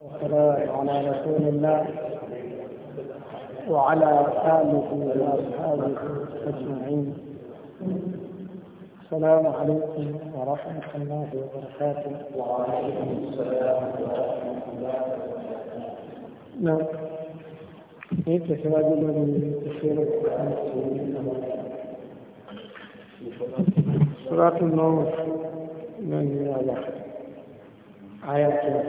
والسلام على رسول الله وعلى آله وأصحابه أجمعين السلام عليكم ورحمة الله وبركاته وعليكم السلام ورحمة الله وبركاته نعم كيف سواجه من تشير سورة النور من الله آيات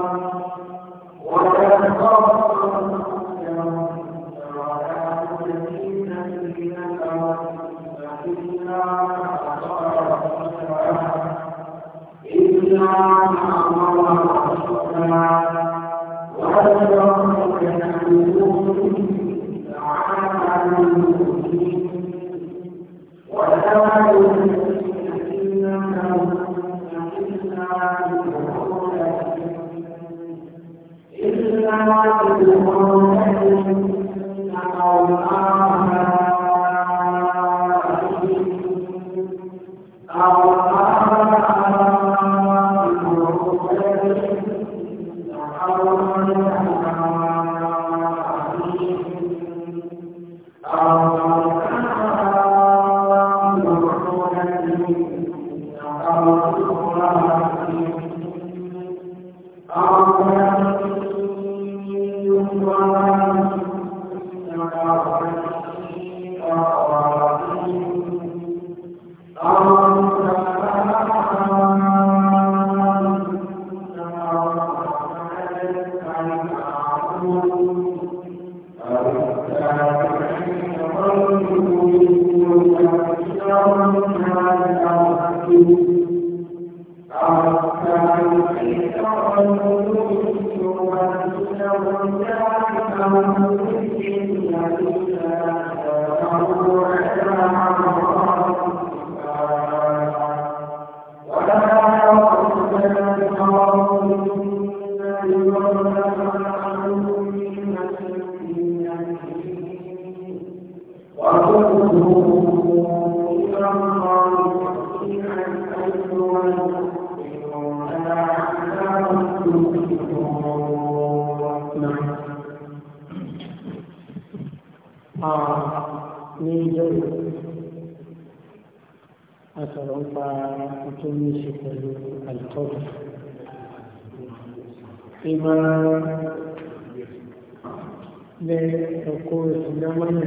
ní ìjọ àtọ̀rọ̀ ń pa tó ní ṣe pẹ̀lú àìtọ́jú ìmọ̀ lẹ ẹ̀kọ́ ìsìnlẹ́mọ́nà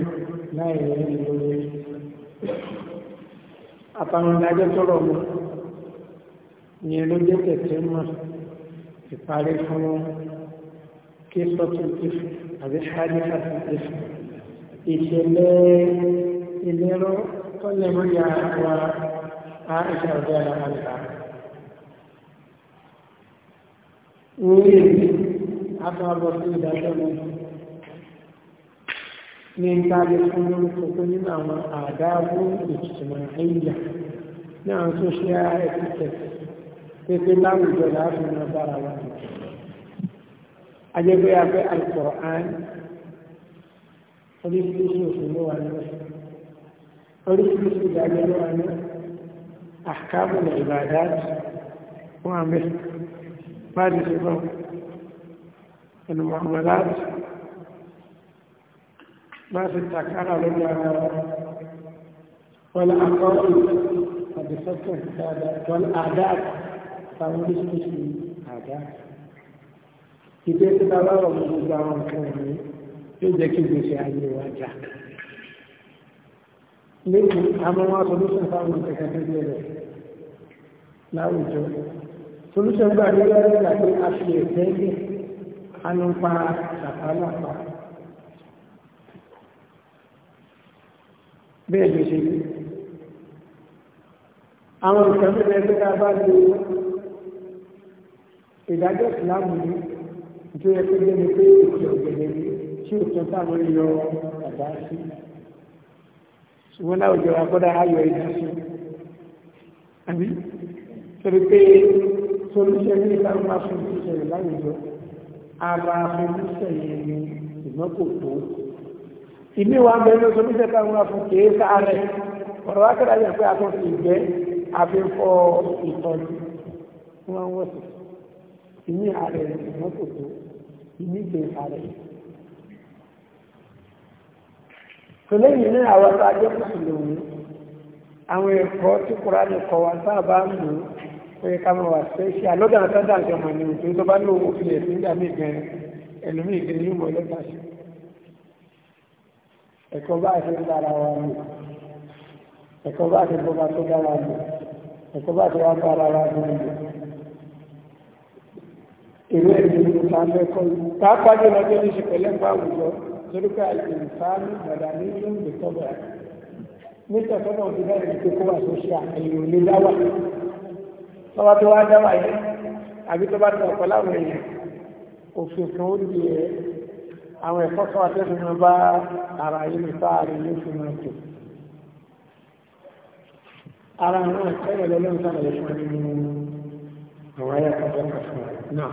láì rẹ̀ lórí àpamọ́dájọ́ tọrọ mọ́ ni ló jẹ́ tẹ̀tẹ̀ mọ́ ìparí fún kí sọ́tún tìfù àbí ṣáájú sọ́tún tìfù ìṣẹ̀lẹ̀ ìlérò tó lè mú ya wa a ìṣẹ̀ ọ̀dọ́ ẹ̀rọ àlùkà. Orí èyí, a tún abọ́ sí ìdájọ́ mi. Ní ìtàgé fún orúkọ nínú àwọn àdáàbò ìtìtìmọ̀ àìyà ní àwọn social etiquette pépé láwùjọ láàfin náà bára wa. oríṣiríṣi òfin ló wà nínú oríṣiríṣi ìdájọ́ ló wà nínú àkábù ní ìbàdá wọn àmì báyìí ṣe bọ́ ẹnu mọ̀mọ́lá bá ṣe tàkàrà lórí ara wọn àkọ́kù àdìsọ́kùn wọn àdá àwọn oríṣiríṣi àdá ìgbésí bàbá ọ̀rọ̀ gbogbo àwọn nǹkan ìrìn yóò jẹ́ kí gbèsè ayé wa jà lẹ́yìn àwọn wọn solúṣàn fáwọn ìtẹ̀kẹ́ tó gbé rẹ̀ láwùjọ solúṣàn gbà ní lọ́rọ̀ ìgbà pé a fi ẹ̀fẹ́ lè anú pa ṣàpálàpá bẹ́ẹ̀ ló ṣe àwọn nǹkan tó lẹ́ tó bá lo ìdájọ́ ìsìlámù ní tó yẹ kó pé ìjọ ọ̀gbẹ̀lẹ̀ ni tí ò tún táwọn yọ bàbá sí ṣùgbọ́n láwùjọ agbọ́dá ayọ̀ ìdí sí àbí torí pé solúṣẹ́ ní ìlànà máa fún ìṣẹ̀lẹ̀ láwùjọ ara fún ìṣẹ̀lẹ̀ ní ìgbọ́n kò tó ìní wa bẹ̀rẹ̀ ló solúṣẹ́ táwọn máa fún kìí sáré ọ̀rọ̀ wákàtà yẹ pé a tún fi ìgbẹ́ àfihàn ìtọ́jú wọn wọ́n sì ìní ààrẹ ìgbọ́n kò tó ìní ìgbẹ́ ààrẹ tó lẹ́yìn náà àwọn tó àwọn ẹ̀kọ́ tí Kùránì kọ́ wa sábà ń lò ó yẹ ká mọ̀ wá sí ṣe àlọ́dà tó dà ní òtún tó bá ní owó ẹ̀sìn ìjà mí gan ẹlòmíì kiri ní mọ̀ lọ́gbà ṣe ẹ̀kọ́ bá ṣe ń dára wa lò ẹ̀kọ́ bá ṣe bọ́ba tó dára ẹ̀kọ́ bá ṣe wa ta torí pé àìsàn gbàdánù ló ń gbèsò bẹ̀rẹ̀ nítorí tó náà ti bẹ̀rẹ̀ ní kókó wà tó ṣe àyè òní dáwà tọ́wá tó wá dáwà yẹn àbí tó bá tó ọ̀pọ̀ láwọn èèyàn òfin kan ó di àwọn ẹ̀kọ́ tó wà tẹ́sí máa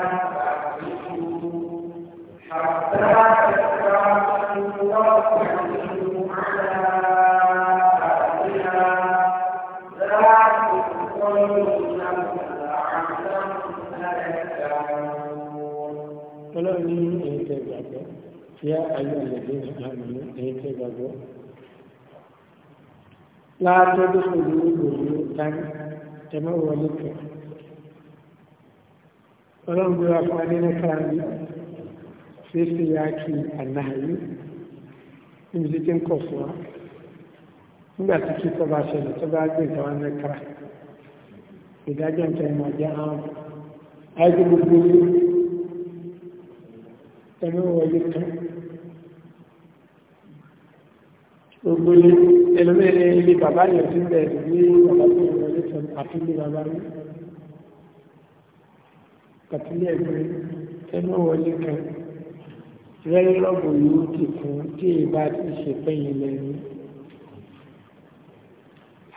ní ẹ̀yìn tẹ́ gbàgbọ́ yá ayé àlẹ́gbẹ́ àmì ẹ̀yìn tẹ́ gbàgbọ́. láàtọ́ tó kò ní ìgbòho dání tẹ̀mọ́ wọlé kẹ́ ọlọ́run bí wàá fún adé náà fífi yá kí ànáyé níbi tí tí ń kọ̀ fún wa nígbà tí kí tọ́ bá ṣẹlẹ̀ tó bá gbé ìtawà mẹ́kàrà ìdájọ́ ìtẹ̀yìn àjẹ́ àwọn àìsí gbogbo tẹ̀lé wọlé kan gbogbo ilé ẹlòmílẹ̀ ilé bàbá yẹn ti bẹ̀rẹ̀ ní bàbá tó wọlé kan àti ilé bàbá mi kàtílé ẹgbẹ́ tẹ̀lé wọlé kan rẹ́rọ́bù yìí ti fún tí ìbá ti ṣe pẹ́yìn lẹ́nu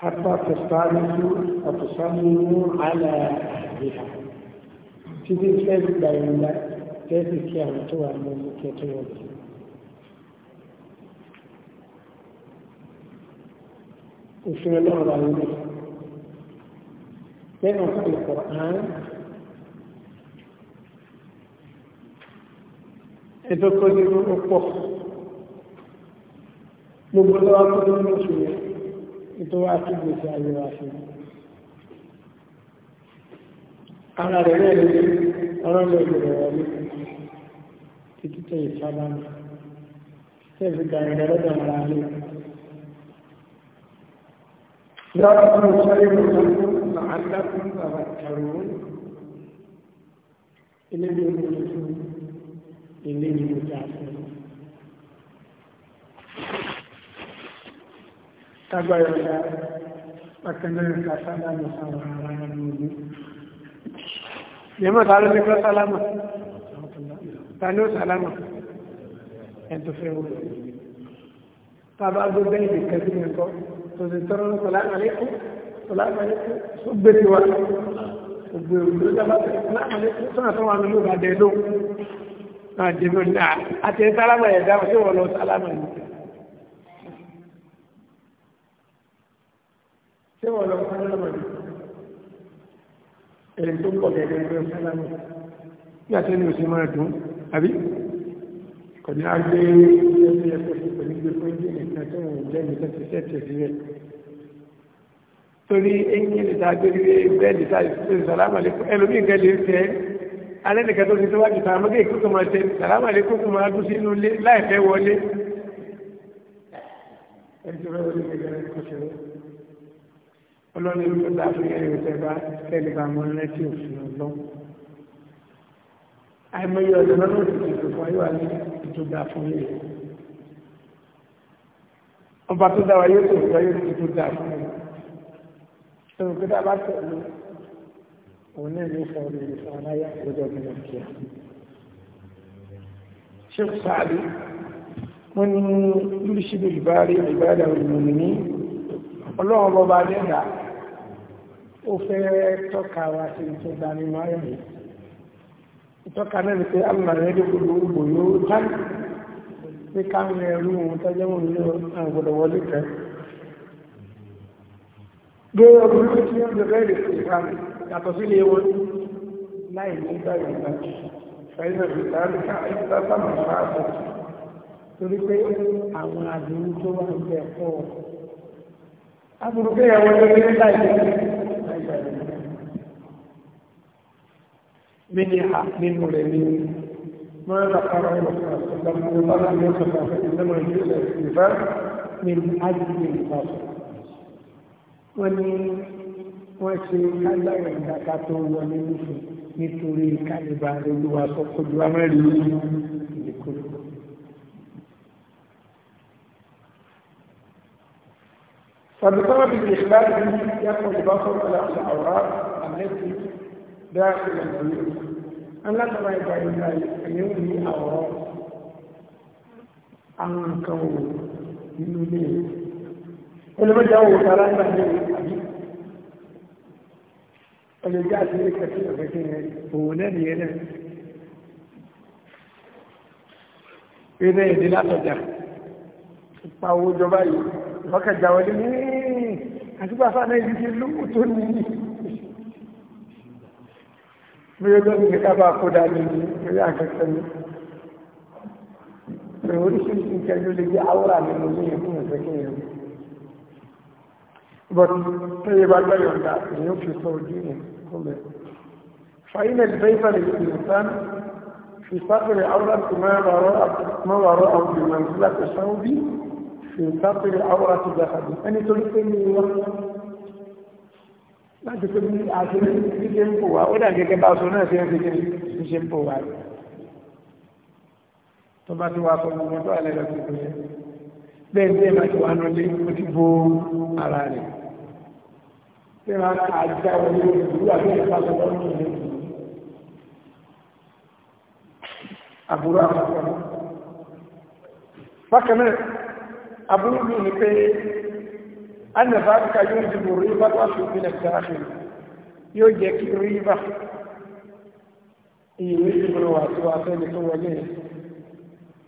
حتى تستعملوا وتصلوا على أهلها. تجد فيه بين lẹ́sìn kí àwọn tó wà ní ọmọkẹ́ tó wọ́n bẹ̀rẹ̀. òfin ọlọ́run wà lórí lẹ́nu ọ̀pọ̀lọpọ̀ àárín ẹ̀tọ́ tó ní ọ̀pọ̀ gbogbo lọ́wọ́ tó ní oṣù rẹ̀ ètò wa tó gbèsè ayé wa ṣe ara rẹ̀ náà lè ọ̀rọ̀ lọ́gbẹ̀rẹ̀ wọlé títí tẹ ìsábà ní tẹ̀sí gàrẹ́gà lọ́dọ̀ ara rẹ̀. Yọ́rọ̀ fún ìṣẹ́lẹ̀ ìrọ̀lẹ́kùn làálàkùn bàbá kàrò ilé ní orí fún ilé ní orí àfẹ́. Tágbàyọ̀ ya pàtẹ́lẹ̀ kàtàlá mọ̀ sáwọn ará ní orí. Yẹ́mọ̀ tààrí ní kọ́ sálámà tani ó sàlámà ẹ̀tọ́ fẹ́ wọ́n tàbá gbogbo ìdè kẹsí ní ẹ̀kọ́ tó sì tọrọ ní sọlá àlékún sọlá àlékún tó gbé ti wá gbogbo ìlú dábàá sọlá àlékún sọ̀rọ̀ tó wà nínú ìbàdàn ẹ̀dọ́ náà dèbò ní à àti sálámà ẹ̀dá wọn tí wọ́n lọ sálámà ní. tí wọ́n lọ sálámà ní. èrè tó pọ̀ gẹ́gẹ́ bí àbí kò ní á gbé ẹgbẹ́ ẹgbẹ́ sí pẹ̀lú gbé fún ìdí nìkan tó ń jẹ́ nìkan ti sẹ́tẹ̀ sílẹ̀ torí eyín nìta torí bẹ́ẹ̀lì tá ìfúnṣe sàlámàlékún ẹlòmíì nǹkan lè fẹ́ alẹ́ nìkan tó ti tó wájú tàà mọ́gẹ́ ìkókò máa tẹ sàlámàlékún kò máa dún sínú ilé láìfẹ́ wọlé ẹni tó fẹ́ wọlé gẹ́gẹ́ kó ṣe rẹ̀ ọlọ́run ló dá fún ẹni tó bá tẹ́lẹ̀ bá mọ́ lẹ́tí òfin ọlọ́run àìmọye ọ̀dọ̀ lọ́nà òtítù ìpòfò ayéwà ní ìtòdà fún ilé ọba tó dáwà yóò tó ìjọ yóò tó dà fún ilé ẹ̀rùn pé dábàá tẹ̀lé òun náà ní ìfọ̀ orí ìfọ̀ aláyà lọ́jọ́ bí wọ́n kíá ṣé kò sáàbí wọ́n ní lúṣìdì ìbárí ìbádà òmìnir ní ọlọ́run bọba dẹ́gà ó fẹ́ tọ́ka wa sí ìtòdà nínú ayọ̀ yìí ìtọ́ka náà ni pé alùpàdé dẹ́kun gbogbo yóò tán pé káwọn ẹrú ohun tọ́jọ́ wọn ní àgbọ̀dọ̀ wọlé kẹ́ gbé ọkùnrin tí ó ń bẹ̀rẹ̀ rẹ̀ fún ìfàmì yàtọ̀ sí ilé wọn láì ní ìgbà ìgbà fẹ́lẹ̀ ìtàrí káàkiri sáàmù fàájọ torí pé àwọn àdéhùn tó wà ń bẹ̀ pọ̀ aburú pé ẹ̀wọ̀n lórí láì ní من للمؤمنين ما ذكر رسول الله لم يصف انما يجوز الاستغفار من اجل الفصل وني وشي هلا يندكاتو ونمشي nítorí kálíbà olúwa sọ kojú amẹ́rin فبطلب فبسبب الإخلال يقول البصر على الأوراق التي داخل البيوت الله كما يقول يومي أو أنكو يولي كل ما جاءوا وطالان بحثي اللي جاء سيرك كثير فكين فولان يلا إذا يدلا تجاه pàwọ́ ìjọba yìí lọ́kàjáwọlé ní àtúgbàfà náà ìdíje lóòótọ́ nìyí bí ó lọ́gbìn ní kábà kó dání ní orí àkẹ́kẹ́ ní pé oríṣiríṣi nǹkan ló lè jẹ́ àwòrán nínú ní ẹ̀kú ìfẹ́ kí but tó yẹ bá gbọ́ yọ̀ǹda èyí ó fi sọ ojú yẹn kó mẹ́ fàyínà lè bẹ́ẹ̀ fàlẹ̀ ìlú ìsán في سطر عورة ما وراء ما وراء بمنزلة الثوب في سطر عورة جسد أنا تلقيني وقت láti pé bí àṣírí bí ṣe ń pò wá ó dà gẹ́gẹ́ bá aṣọ náà ṣe ń ṣe bí ṣe ń pò wá tó bá ti wá sọ ọmọ tó alẹ́ lọ sí ìpò bẹ́ẹ̀ bẹ́ẹ̀ máa ti wá nù lé ó ti bo ara rẹ̀ bẹ́ẹ̀ máa ka àjà wọlé ìlú àti ìfà tó lọ́nà ìlú àbúrò àkọ́kọ́ bákan náà àbúrò mi ni pé ana zalika yóò dìbò ríbá tó aṣòfin náà dáhùn yóò jẹ́ kí ríbá ìwé ìgbòrò wà tó wà fẹ́ni tó wọlé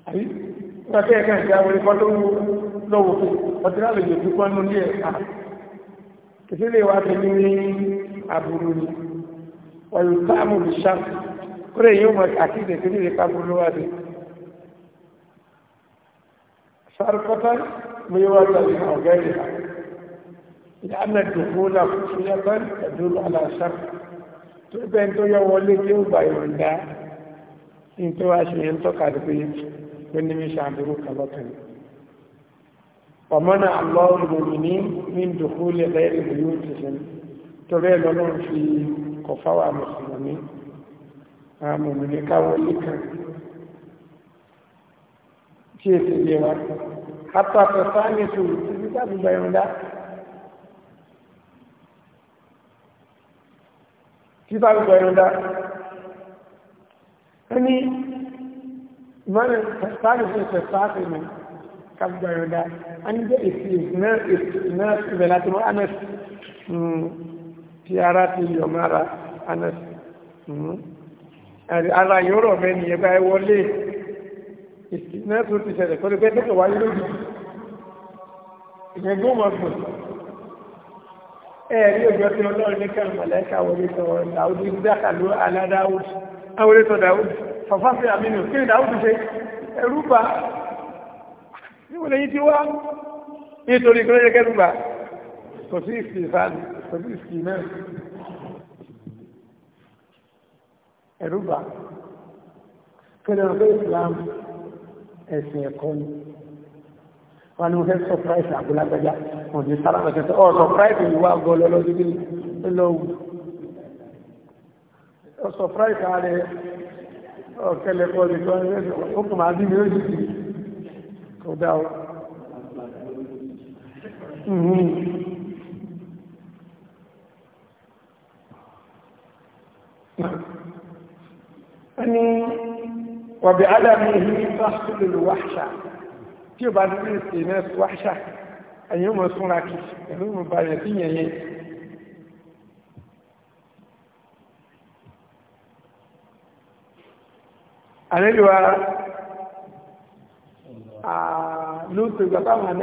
àbí wọ́n fẹ́ kàn sí àwọn ikọ́ tó lọ́wọ́ fún ọdún àlejò tó pọ́n nú ní ẹ̀ka kìí lè wá tẹ̀lé ní àbúrú ni wọ́n táàmù lè ṣáà kúrò yóò mọ̀ àti ìdẹ̀kẹ́ lè pàbúrú wá dé sáré pátá wá tẹ̀lé ọ̀gá ìlera لأن الدخول خشية تدل على شر تبين تو يولي كيو بايون دا إن تو أشي إن تو كاربي ونمي شعبرو كالوكني ومنع الله المؤمنين من دخول غير بيوتهم تبين لهم في كفاوة مسلمين مؤمنين كاولي كان كيف يجيبها حتى تستانسوا تبين لهم kí sáà gbogbo ẹnu dá ẹni ìmọ̀lẹ̀ sáàrì fún ìfẹ́ sáàfì mi ká gbogbo ẹnu dá a ní jẹ́ èsì náà ìbẹ̀ láti mọ́ anas hmm, ti ara ti yọ̀mọ́ anas hmm, ara yóò rọ̀ mẹ́ni ẹgbẹ́ ẹ wọlé ìsì náà tó ti ṣẹlẹ̀ kọ́ni pé tó kọ̀ ẹ̀rí òjò tí ọlọ́run ní kẹrin mọ̀lẹ́ka wọlé sọ dàúdù dákàlú aládáúdù awolé sọ dàúdù fàfáfẹ́ àmínú kí ni dàúdù ṣe ẹ̀rú bá níwọ̀n lẹ́yìn tí wá nítorí kí ló yẹ kò sí ìsì ìfàdù kò sí ìsì náà ẹ̀rú kí ni wọ́n fẹ́ ìsìlámù ẹ̀kọ́ ni wọn ni mo fẹ́ sọpráìsì àgbélágbájá wọn ti sára mọ̀ kẹsẹ̀ ọ sọpráìsì yìí wá gọ́ lọ lọ́dún bíi ńlọ́wù ọ sọpráìsì ààrẹ ọ̀kẹ́lẹ̀ pọ̀ ní tọ́ni rẹ̀ ó kùn máa bí ẹni wàbí ádámù yìí fásitì lè wáṣà tí ó bá dúró ìsìn náà sí wáṣà ẹ̀yìn mọ̀ súnra kì ẹ̀lú mọ̀ bàyẹ̀ sí yẹn yẹn àlejò lóòtò ìgbàgbà wọn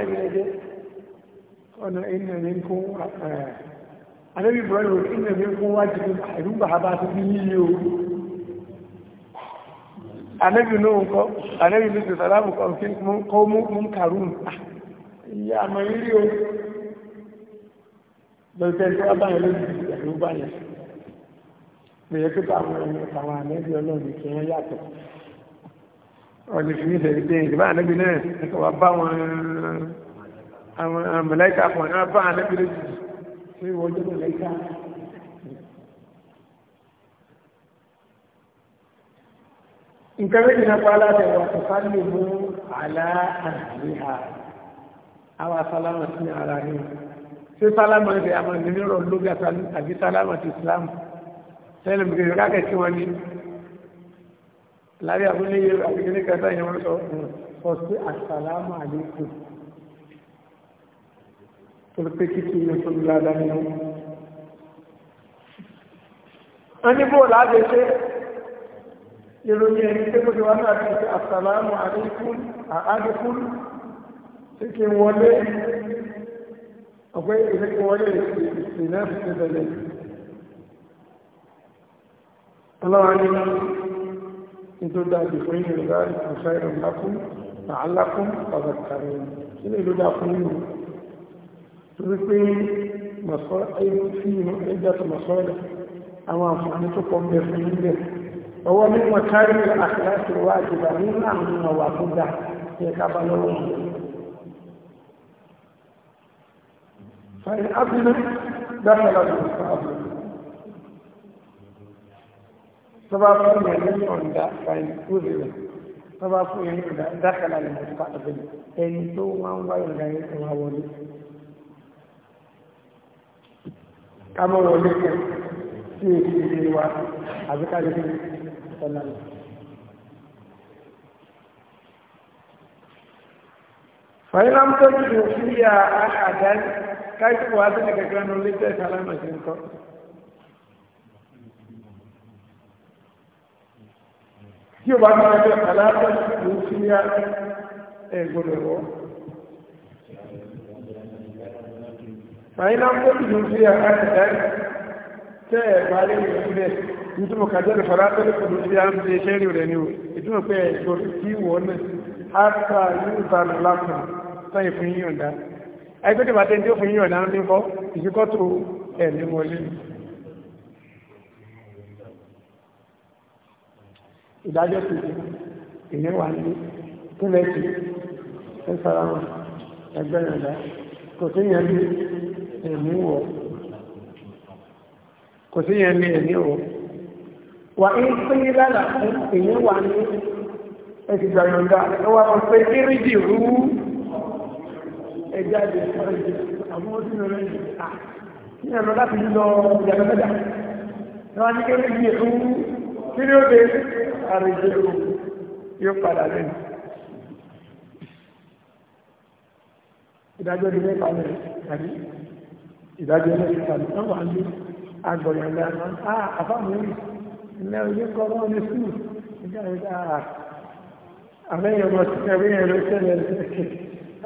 ọ̀nà ìnà ní kún àlejò ìbúrọ̀ wájú àìrúgbà bá ti bí nílé ooru anabi náà ń kọ́ anabi ní ti sàlámù kan kí kọ́ mú kàrún ah, ìyá àmọ́ yìí o lọ́sẹ̀ tí wọ́n bá yẹn lójú ìyàwó bá yẹn pé yẹ kíkọ́ àwọn ẹni àwọn anabi ọlọ́run kì í yàtọ̀ ọ̀nì fi ìṣẹ̀lẹ̀ pé ìdìbò anabi náà ẹ̀kọ́ wa bá wọn àwọn mọ̀lẹ́kà kan náà bá anabi lójú ìwọ́jú mọ̀lẹ́kà kan. nǹkan méjì náà pa aláṣẹ wa kò sá lè mú àlá àníhà àwọn asálámà sí ara ní ṣé sálámà ń ṣe àmọ́ ìnira àbí sálámà ti islam sẹ́lẹ̀ mùsùlùmí yóò káàkiri tí wọ́n ní lábẹ́ abúlé yóò àbíkẹ́ ní kẹta yẹn wọ́n sọ sọ sí àsálámà àlékún tó pé kíkì yóò tó ládàá nínú. wọ́n ní bó láti ṣe ìròyìn ẹni pé kókè wá náà ti àsàlámù àdínkùn àádọ́kùn tí kí n wọlé ọ̀pẹ́ ìrẹ́ kí wọlé ìsìnlẹ̀ ti bẹ̀rẹ̀ ọlọ́run ní ìtò dájú fún ìrìn láàrín ìfẹ́ ìrìn lákún àálákún ọ̀dọ̀kàrí kí ní ìlú dákún nínú torí pé mọ̀sọ́ ẹ̀yìn tí ìjọ́ tó mọ̀sọ́ rẹ̀ àwọn àǹfààní tó pọ̀ mẹ́fún nílẹ̀ ọwọ́ mímọ̀ kárí àkíláṣí wá jùlọ nínú àwọn ọwà tó dá ní kábà lọ́wọ́ wọn fàyí ábúlé dákàlà ló fàábù tọ́bá fún yẹn ní ọ̀dá fàyí kúrò rẹ̀ tọ́bá fún yẹn ní ọ̀dá dákàlà ló fàábù ẹni tó wọ́n wá ìrìnà yẹn tó wọlé kẹ́ sí èsì ìdílé wa wasallam. fàyínà ń tọ́jú ìfúyà àdáyé káyọ̀ wá sí kẹ̀kẹ́ ní olùdíje sálámà sí ń kọ́. tí o bá ní ọjọ́ àlàáfẹ́ ló ń fi yá ẹ gbọdọ̀ wọ́ ìtumọ̀ kàjẹ́rì faráfẹ́lẹ́ pẹ̀lú tí a ń ṣe rí rẹ̀ ni o ìtumọ̀ pé ẹ̀ṣọ́ tí wọ́n náà á ta yóò bá lọ lásán sáyé fún yíyànda ẹgbẹ́ tí bàtẹ́ tí ó fún yíyànda ń dínkọ́ ìṣíkọ́tò ẹ̀mí wọlé ìdájọ́ ti di ìyẹn wà ní kílẹ̀ tí ó sára wọn ẹgbẹ́ yọ̀ǹda kò sí yẹn ní ẹ̀mí wọ̀ wà ní pínlẹ̀ lára èyí wà ní ẹ̀sì gbàyànjá ẹwà wọn pé kéré dì rú ẹjá dì àwọn oṣù rẹ̀ ní ẹ̀rọ láti lọ ìyàgbẹ́gbẹ́dà ẹwà ní kéré dì rú kí ni ó dé àrèjì rú yóò padà lẹ́nu ìdájọ́ di mẹ́ta lẹ̀ tàbí ìdájọ́ mẹ́ta lẹ̀ wọ́n wà ní àfáàmù yìí ilẹ̀ òye kọ́rọ́ ní sùn ìjà ìjà àbẹ́yẹ̀ ọmọ sí ẹgbẹ́yẹ̀ ló ṣẹlẹ̀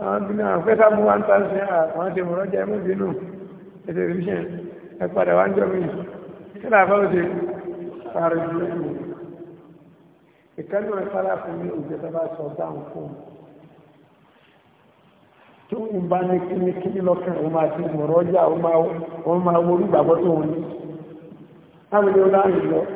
àwọn bínú àwọn pẹ́sà mú wọn tán sí àwọn ti mọ̀rọ̀ jẹ́ mú bínú ètò ìrìṣẹ́ ẹ padà wá ń jọ mí kí làá fẹ́ òṣè parí ìlú ìkànnì ìfara fún mi ìjọba bá sọ dáhùn fún un tó ń bá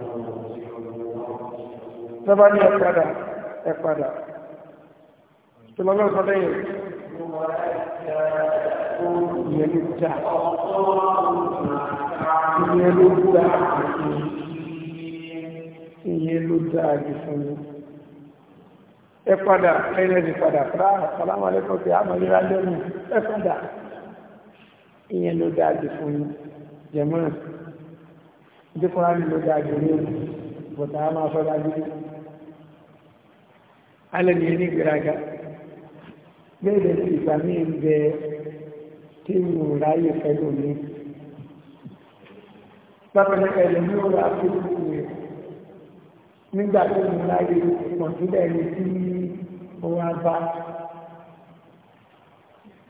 sábà ní ẹ̀padà ẹ̀padà tó lọ́lọ́ sọ lẹ́yìn ìyẹn ló já ìyẹn fún mi ẹ padà ẹ̀yìn ẹ̀dì padà fàlámà lẹ́kọ̀ọ́ pé àmàlẹ́ra lẹ́nu ẹ ìyẹn ló dá àgbè fún mi jẹ̀mọ́n ìdíkùnrin ló dá àgbè lẹ́nu bọ̀tà á máa sọ́dá gbé alẹ́ ní ní gbéraga bẹ́ẹ̀ sí ìgbà míì ń bẹ tí mo ráyè pẹ̀lú mi bákan ẹ̀rẹ̀ ní ó wà fún mi nígbà tí mo ráyè pọ̀jùlẹ̀ ní tí mo wá bá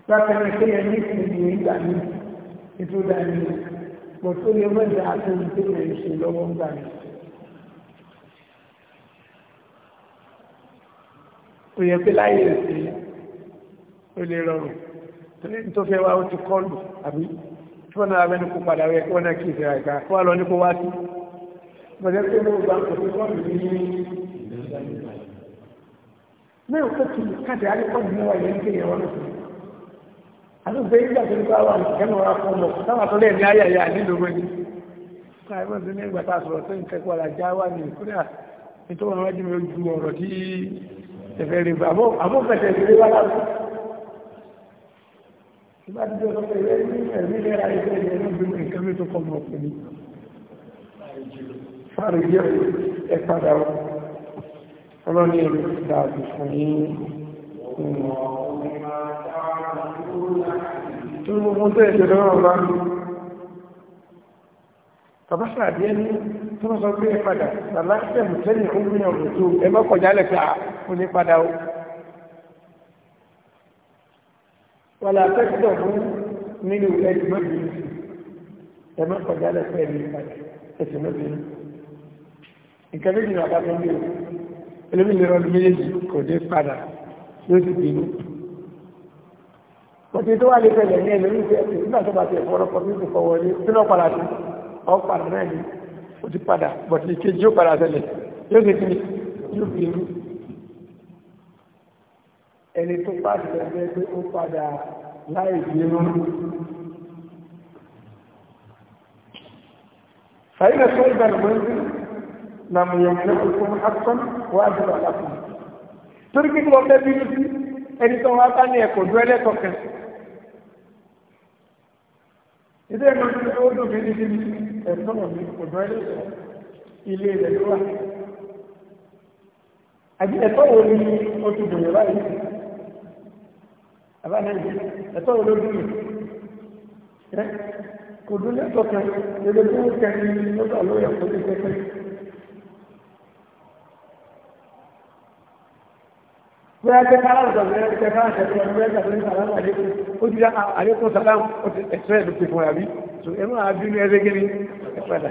bákan ẹ̀rẹ̀ ní ìsinmi ìgbà mi ìtura ní mo tó lè àti ohun tó ń gbà mí. tó yẹ pé láyé sí ó lè rọrùn tó fẹ́ wá ó ti kọlù àbí tí wọ́n náà mẹ́nu kó padà rẹ̀ kí wọ́n náà kí ìfẹ́ àìká kó wá lọ ní kó wá sí mọ̀jẹ́ pé ló gba kò sí kọlù ní mẹ́rin kó kí káàdì àríkọ́lù mẹ́wàá yẹn ń kéèyàn wọn lọ́sọ̀rọ̀ àdúgbò ìgbà tó ń bá wà kẹ́mọ̀ wá fún ọmọ táwọn àtọ́lẹ̀ ní ayé àyà nílùú mẹ́ni káàmọ́ sí ní ìgbà tá a sọ̀rọ̀ tó ń kẹ́kọ̀ọ́ wà ní ìkúrẹ́ àti wọn wájú mi ojú ọ̀rọ̀ tí ẹ̀fẹ́ rí bá àbófẹ̀tẹ̀ sí rí wá láti ìgbà tí ó sọ pé ẹ̀rí lẹ́ra ìfẹ́ ìyẹn ló bí nǹkan mi tó kọ́ mọ́ pẹ̀lú fárí jẹ́ ẹ padà wọn ọlọ́ni ẹ̀rí dàbí fún yín tó gbogbo tó ẹ̀ṣẹ̀ lọ́wọ́ bá tọ́bá sàdí ẹni tí wọ́n sọ pé ẹ padà bàbá tẹ̀mù tẹ́lẹ̀ ó gbìyànjú ọ̀rọ̀ tó ẹ má kọjá lẹ̀ pé ó ní padà ó. wàlá tẹ́kítọ̀ fún nínú ẹ̀dùn mọ́bìnrin ẹ má kọjá lẹ̀ pé ẹ̀mí padà ẹ̀sìn mọ́bìnrin. nǹkan méjì náà bá tó ń bí o ẹlẹ́mìnira ọdún méjèèjì kò dé padà yóò sì bínú òtí tó wà lè fẹ̀lẹ̀ ní ẹlẹ́mìnira ìgbà tó bá ti ẹ̀fọ́ ọ̀rọ̀ kọ́ ó ti padà bọ̀tí kejì ó padà ṣẹlẹ̀ yóò sì kiri yóò fi irú ẹni tó pàṣẹ ẹgbẹ́ pé ó padà láì bínú فإن صلب المنزل لم يملككم حقا واجبا لكم تركي wọ́n fẹ́ bínú sí ẹni tó wá ká ní ẹ̀kọ́ ju ẹlẹ́kọ̀ọ́ kan. ìdí ẹ̀mọ́ ti ó dùn bí ní bí ní ẹ̀tọ́ mi kò dán ẹlẹ́sẹ̀ ilé rẹ̀ ló wà àbí ẹ̀tọ́ wo ni o ti bèrè báyìí àbáyé ẹ̀tọ́ wo ló dùn mí kò dún lẹ́tọ̀ọ́ kan lójoojúmọ́ kẹrin lọ́dọ̀ lóyè kò ní kẹkẹrẹ. bẹ́ẹ̀ tẹ́ kára ọ̀dọ̀ bẹ́ẹ̀ tẹ́ kára ṣẹ̀tọ́ ọdún bẹ́ẹ̀ tẹ́ sàlámù àlékún ó ti dá àlékún sàlámù ó ti ẹ̀sọ́ ẹ̀dùn ti fún àbí tó ẹnu àbí ní ẹgbẹ́ gíní ẹ̀pẹ̀dà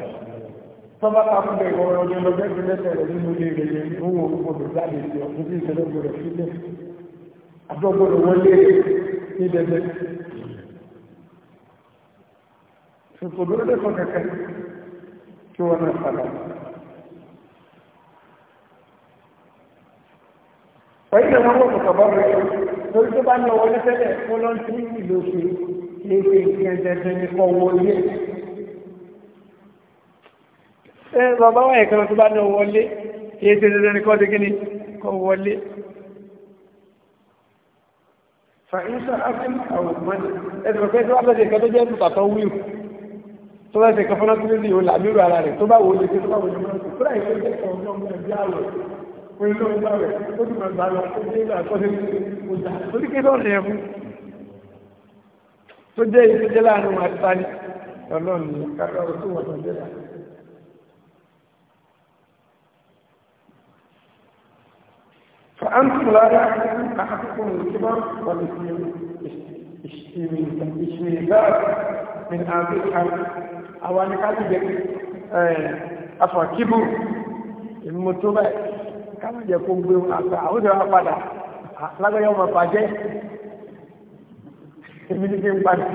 tọ́ba ta fún bẹ̀rẹ̀ ọ̀rọ̀ ọdún lọ bẹ́ẹ̀ tẹ́ sẹ̀rẹ̀ nínú ilé rẹ̀ ní owó gbogbo jáde sí ọdún sí ìṣẹ̀lẹ̀ gbọdọ̀ sílẹ̀ àdọ́gbọdọ̀ wọlé ní dẹ̀dẹ̀ ṣùgbọ́n lórí kọ̀kẹ́kẹ́ kí wọ́n náà sàlámù pẹ̀lú ẹ̀rọ wọn kò bọ́ rẹ̀ torí tó bá ní ọwọ́ lẹ́sẹ̀lẹ̀ fún lọ́ńtì ìlú òṣù lè fi ìpín ẹ̀dẹ̀dẹ̀ ní ọwọ́ ilé. ṣé bàbá wà ẹ̀kan tó bá ní ọwọ́ lé kí é ṣe dandan ní kọ́dé kíní kọ́ wọlé. fàìsà áfíríkà àwọn ọmọdé ẹ̀sìn pé tó wà lọ́dẹ̀ kan tó jẹ́ ìtàtọ̀ wíwù tó bá ṣe kan fọ́nà tó lè òun ló ń gbà rẹ̀ ó ti máa gbà lọ ó ti gbà kọ́ sí ọjà torí kí lọ́ọ̀ lè fún tó jẹ́ ibi jẹ́ láàrin wọn àti tani ọlọ́run ní kákà ó tó wọ̀ tó jẹ́ láàrin. فأنتم لا يعلم أحدكم الكبر والاستميزات من هذه الحالة أو káwọn jẹ kó gbé àgbà àwọn ìṣòro àpadà lágbàáyé ọmọ pàjẹ́ èmi ní kí n padà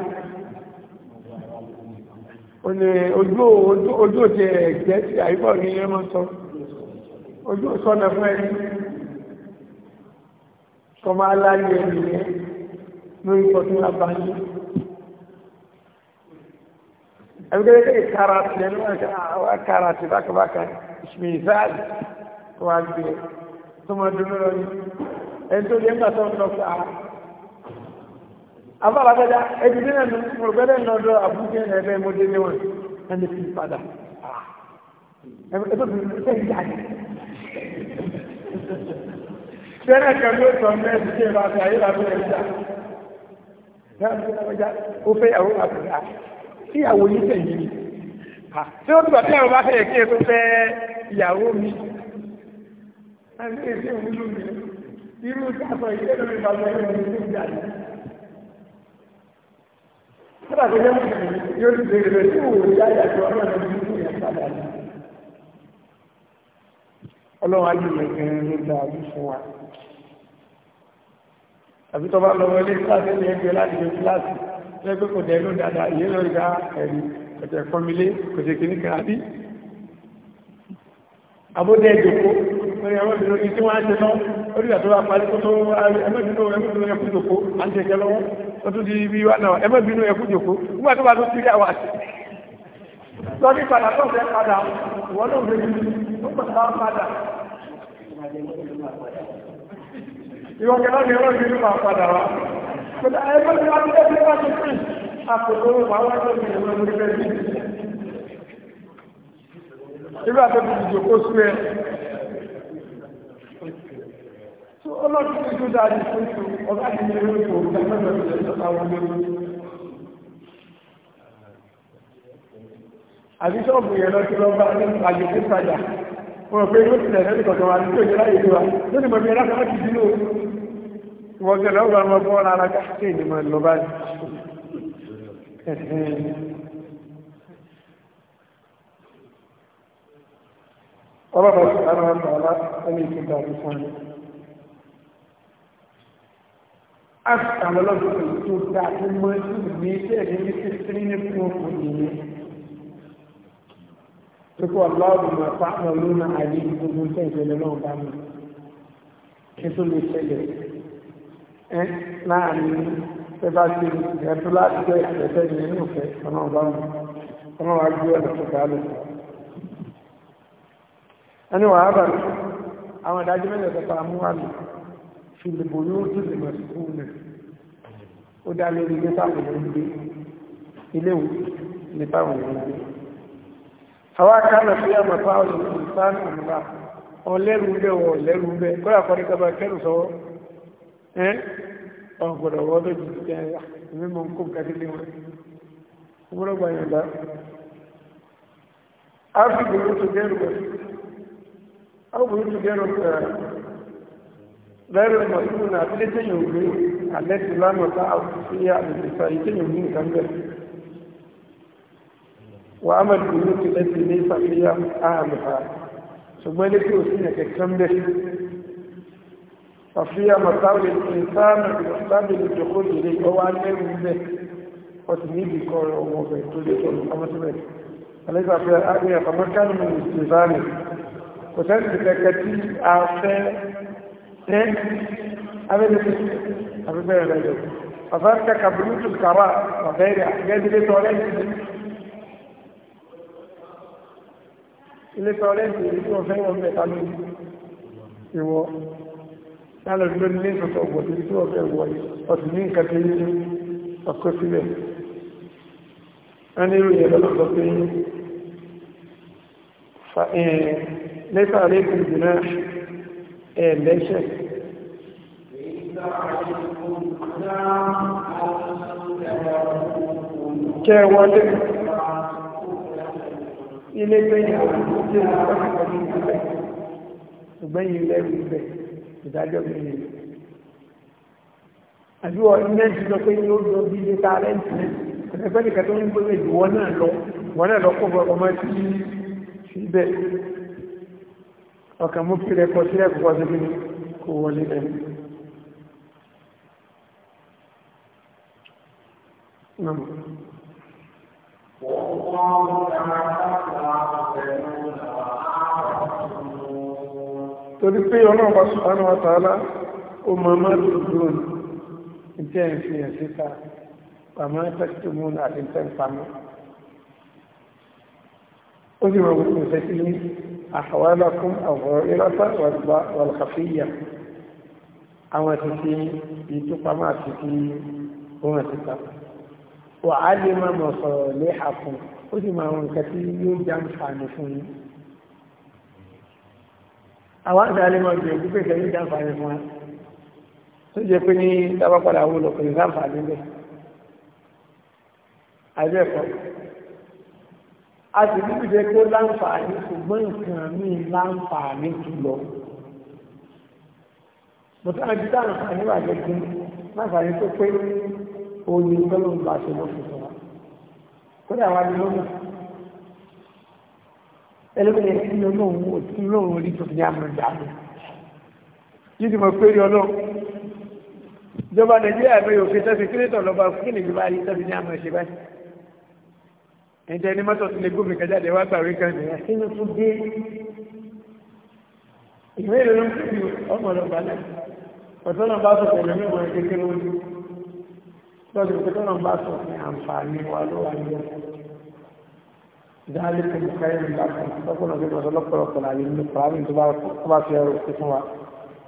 ó ní ojú òtí ẹ̀jẹ̀ sí àyíkọ́ ní ilé mọ́ sọ ojú òsọ́nà fún ẹni kọ́ máa láyé ẹni yẹn lórí pọ̀tún abáyé ẹgbẹ́ ìkáràtì ẹni wọ́n ah, kára ti bákàbákà ìṣmìzáàlì kó wá gbé e, tó mọ dúró lọ ní ẹni tó lé ń gbà tó ń lọ fún ara afọ alágbẹ́dá ẹni tí náà mo gbẹ́dẹ̀ ń lọ́dọ̀ àbúkẹ́ ẹ̀ bẹ́ẹ̀ mo dé níwọ̀n ẹni fi padà ẹgbẹ́ mi tí ẹ bá ẹ̀ já ó fẹ́ yàwó àbúrà tí ìyàwó yìí sẹ́yìn ni tí ó dùgbà tí àwọn bá fẹ́ yẹ kí ẹ tó fẹ́ ẹni èsì òmìnú mi irú sáfọ ìṣẹ́ lórí bàbá ẹni òmìnú mi jáde. Nígbà tó yẹ mọ̀ yóò ti bèrè rẹ̀ tí òwò ìyá ìyàtọ̀ ọlọ́run ní ìlú yẹn padà ní. Ọlọ́run ajínigbé gan-an ló dá ojú fún wa. Àbí tó bá lọ wọlé kíláàsì ní ẹgbẹ́ láti gbé kíláàsì lẹ́gbẹ́ kò dẹ̀ ló dáadáa ìyẹn lórí ga ẹ̀rí kọ̀tẹ̀ fọmilé kọ̀tẹ̀ orí àwọn ìbìnrin orí tí wọ́n á ṣe lọ orí ìgbà tó bá parí kó tó ẹmẹ́bìnú ẹmẹ́bìnú ẹkú jòkó à ń jẹjẹ lọ́wọ́ ó tún di ibi wà náà ẹmẹ́bìnú ẹkú jòkó nígbà tó bá tó sírí àwọn àti lọ́bí padà tó fẹ́ padà wọ́n ló fẹ́ ó padà padà ìwọ̀n kẹlá ni ẹ̀rọ ìbínú máa padà wá ẹgbẹ́bìnú àti ẹgbẹ́ bá tó fẹ́ àkókò wà wá lọ́bí ẹ̀rọ ìbínú ìgbà tó ti jòkó sí ẹ ọlọ́dún tó tó dáadé fóṣù ọba ti lè rí òkú ìjọba àwọn olóòrùn àti lọ sí lọ́gbà ní àjòkú sájà wọn ò pé yóò tilẹ̀ lẹ́nu ara ọmọ ọlá ẹni ìtúntà àti fún àtàwọn ọlọ́dún tó dá tó mọ́ ìlú ní iṣẹ́ ìlú ní kíkiri ní fún òkú nìyẹn tó kọ́ ọlọ́dún máa fa àwọn lónà àyè gbogbo iṣẹ́ ìṣẹ̀lẹ̀ náà bá mi kí tó lè ṣẹlẹ̀ ẹ láàrin ẹ bá ṣe ẹ̀tọ́ láti jẹ́ ìṣẹ̀lẹ̀ ìyẹn ní òfẹ́ ọ̀nà ọ̀bá mi ọmọ wa gbé ọ̀nà tó ká lò ẹni wàá bà àwọn ìdájọ́ mẹ́lẹ̀ tẹ́ta mú wà fi lèbò yóò dì lè mọ̀ sí òun nà ó dá lórí ilé táwọn èèyàn ń gbé ilé òun ilé táwọn èèyàn ń gbé àwọn akáàlà sí àmà fáwọn ìsán àmà ọlẹ́rù ń bẹ́ wọ ọlẹ́rù ń bẹ́ kọ́lá kọ́ ní kaba kẹ́rù sọ́wọ́ lẹ́rọ ìmọ̀ ìlú náà abílé tẹ́yìn òwe àlẹ́tì lánàá tá a fi yá àlùfẹ́sà yìí tẹ́yìn òwe nǹkan bẹ́ẹ̀. wà á mọ̀ ìlú tó lẹ́sìn ní ìsàfihàn àlùfà ṣùgbọ́n ilé tí ò sí yẹn kẹ̀kẹ́ ń bẹ́ẹ̀. وفيها مطاول الإنسان بإحسان الدخول إليه هو أن يمزه وتنيب يكون وموضع توليته محمد بك فليس فيها آية فما كان من استيفانه وتنبت كتير آخر eh abẹ́lẹ̀ abẹ́bẹ̀rẹ̀ rẹ̀ lọ afẹ́rẹ́ta kàbírútù kàrà ọ̀bẹ̀rẹ̀ gẹ́gẹ́ tọ́lẹ́ntì ilé tọ́lẹ́ntì ilé tí wọ́n fẹ́ wọn mẹ́ta ló ìwọ lálọ́ ìlú ní ìsọ̀tọ̀ ọ̀gbọ̀ tí wọ́n fẹ́ wọ ọ̀sùn ní nǹkan tí ọkọ̀ sílẹ̀ wọ́n ní irú ìyẹn lọ́lọ́sọ pé lẹ́tà lẹ́kùn jù náà ẹ̀lẹ́ṣẹ̀ kẹ wọlé ilé gbẹ̀yìn àwọn àjúwọ̀ ilé ti sọ pé ní ó lọ bí ilé tààrẹ́ ìtìlẹ̀ ẹgbẹ́ nìkan tó ń gbẹ̀rẹ̀ ìwọ náà lọ wọ́n náà lọ kó ọmọ sí ibẹ̀ ọkàn mú kílẹ̀ kọ sílẹ̀ kọ sí bí kò wọlé ẹni torí pé ọlọ́run bá sùpánà wátàálá ó ma má dúró ní tí ẹ̀yìn fi hàn síta pàmọ́ tẹ́sítọ́mù àti tẹ́ǹpamọ́ ó sì mọ̀ wọ́n kò fẹ́ أحوالكم الظاهرة والخفية أما تتي يتقما تتي وما تتقى وعلم مصالحكم ودم أن كتي يجمع حانفون àwọn àdáàlẹ́mọ̀ ìgbẹ̀ pípẹ́ ìṣẹ̀lú ìdánfààní fún wa tó jẹ́ pé ní dábápadà àwọn olùkùnrin sáǹfààní bẹ̀ àjẹ́kọ̀ọ́ a sì ní ìdíje kó láǹfààní ṣùgbọ́n nǹkan míì láǹfààní jùlọ bùtánà ti dáhùn àǹfààní wà gẹ́gẹ́ láǹfààní tó pé oyin tọ́lọ́mù bá ṣe lọ́sùn fún wa kódà wà ní lọ́nà ẹlẹ́gbẹ̀rẹ̀ sí ọlọ́run òtún lọ́run orí tó fi ní àmì ìdáàbò yìí ti mọ̀ pé rí ọlọ́run ìjọba nàìjíríà mẹ́yọ̀ fi tẹ́sí kírétọ̀ lọ́ba fún ìgbìmọ̀ ayé tẹ́sí ní àmì ìṣẹ́ báyìí ẹ̀jẹ̀ ní mọ́tò tí lè gómìn kan jáde wá gbàwé kan ní ẹ̀sìnú tún dé ìwé ìlú ń fi ọmọ lọ balẹ̀ ọ̀tọ́nà bá sọ pẹ̀lú mẹ́wọ̀n ẹgbẹ́ kí ló ń dún lọ́dún pé tọ́nà bá sọ ní àǹfààní wa ló wà ní ọ̀sán ìdáhàlẹ́ tó ń kárẹ́ ní bá kan lọ́pọ̀lọpọ̀ tó lọ́sọ lọ́pọ̀lọpọ̀ láyé ní pàrámì tó bá fi ẹrù sí fún wa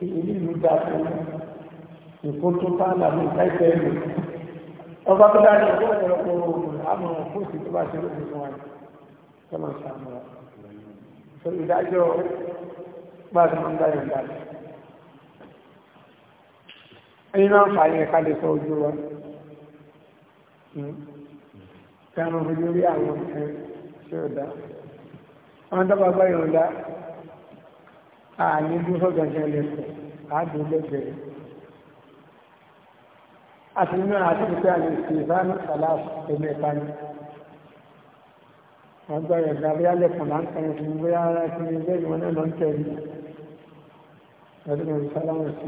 ìlú ìlú dá fún nǹkan tó bá làmì láìpẹ́ ìlú ọba tó dá ní ọ̀pọ̀lọpọ̀ àmọ́ fún sí tó bá ṣe lóṣù fún wa ṣe máa ṣàmù wa sọ ìdájọ́ bá a ṣe máa ń dá ìgbà rẹ̀ ẹni náà fà yẹn ká lè sọ ojú wa kí a máa fojú rí àwọn ẹ̀ ṣe ọ̀dá àwọn dábàá bá yọ̀ọ̀dá àní dúró sọ́gbọ̀n jẹ́ lẹ́sẹ̀ àádùn lẹ́sẹ̀ àti nínú àti ìpẹ́ àlè ìsìnfàánù sàlásù ẹgbẹ́ ìpáni wọ́n gbá ẹ̀dá bí alẹ́kùn láńkàrin fún bí ara ti ní ilé ìwọ̀n náà ń tẹ̀lé ẹ̀dùn ìsáláwọ̀ sí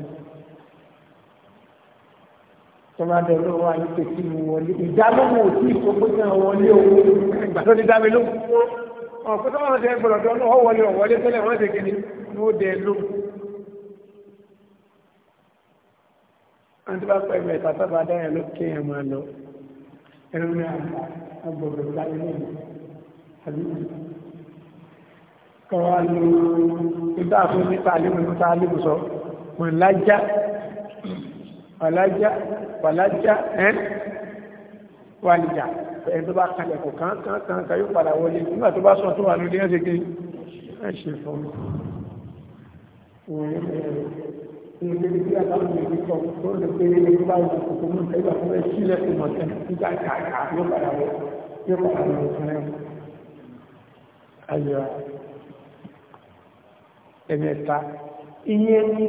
tó bá dẹ̀ ló wà ní pèsè ìwọ̀n wọlé ìdálówó òtí ìfowópamọ́ wọlé owó ìgbà tó ní dámi ló ọ̀pọ̀ tó wọ́n ti ń gbọ́dọ̀ wọ́n ti bá pẹ́ ìwẹ̀ ìtàtàbà dáyà ló kí ẹ máa lọ ẹ̀rọ ní agbọ̀dọ̀ láyé lẹ́nu àbí kọ́wá lu ìgbà fún nípa àlébù nípa àlébù sọ wọn lájá wàlájá wàlájá ẹ́ wàlìjà ẹni tó bá kalẹ̀ kò kán kán kán kan yóò padà wọlé nígbà tó bá sọ tó wà lóde ẹ̀ ṣe kí ẹ ṣe fún mi ìpele tí a bá sọ tó lè pe ewu bá kòkó mú ìgbà tó lè sílẹ̀ fún mọ̀tẹ́ nígbà kàkà yóò padà wọ yóò padà wọ fún ẹ. Ayọ̀ ẹ̀mẹ̀ta iye ní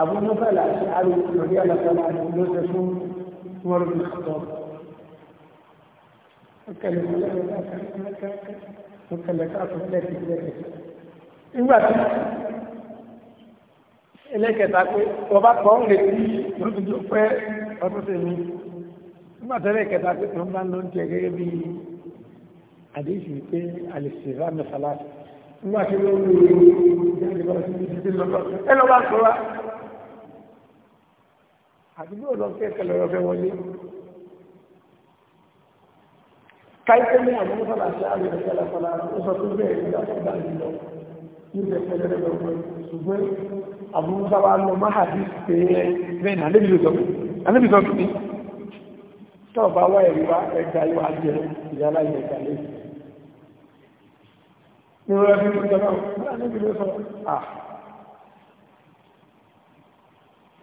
àbúrúfẹ́lá sí àrùn lórí àlàfẹ́lá ló ṣe fún mọ́rùn ní ọ̀tọ̀. Ó kẹlẹ̀ kọ́ lẹ́kẹ̀ẹ́ kọ́ lẹ́kẹ̀ẹ́ kọ́ lẹ́kẹ̀ẹ́ ẹlẹ́kẹta pé ọba kọ́ ń lè rí lóṣù tó pẹ́ ọdún sí mi nígbà tó ẹlẹ́kẹta pé tó ń bá ń lọ jẹ gẹ́gẹ́ bí àdéhùn pé àlèṣèlá mẹ́sàlá nígbà tó ló ń lò ó jáde lọ sí ibi títí lọ́tọ́ ẹ lọ́ bá sọ wa àdúgbò lọ sí ẹ̀kẹ́ lọ́yọ́ fẹ́ wọlé káyọ̀tẹ́ ní àwọn mọ́sálà sí àwọn ìrẹsẹ̀ lọ́sọ̀lá ó sọ pé bẹ́ẹ̀ ni ìgbà tó bá ń lọ ní ìrẹsẹ̀ lọ́sọ̀lá àbúrúsá wa lọ máa hàbí pé bẹ́ẹ̀ náà lébìlò sọ anábì sọ pé tọ́ bá wá ẹ̀rí wá ẹgbà yóò wá jẹ ìyálà ilẹ̀ ìgbà lé ní wọ́n rẹ̀ fún ìjọba anábì ló sọ à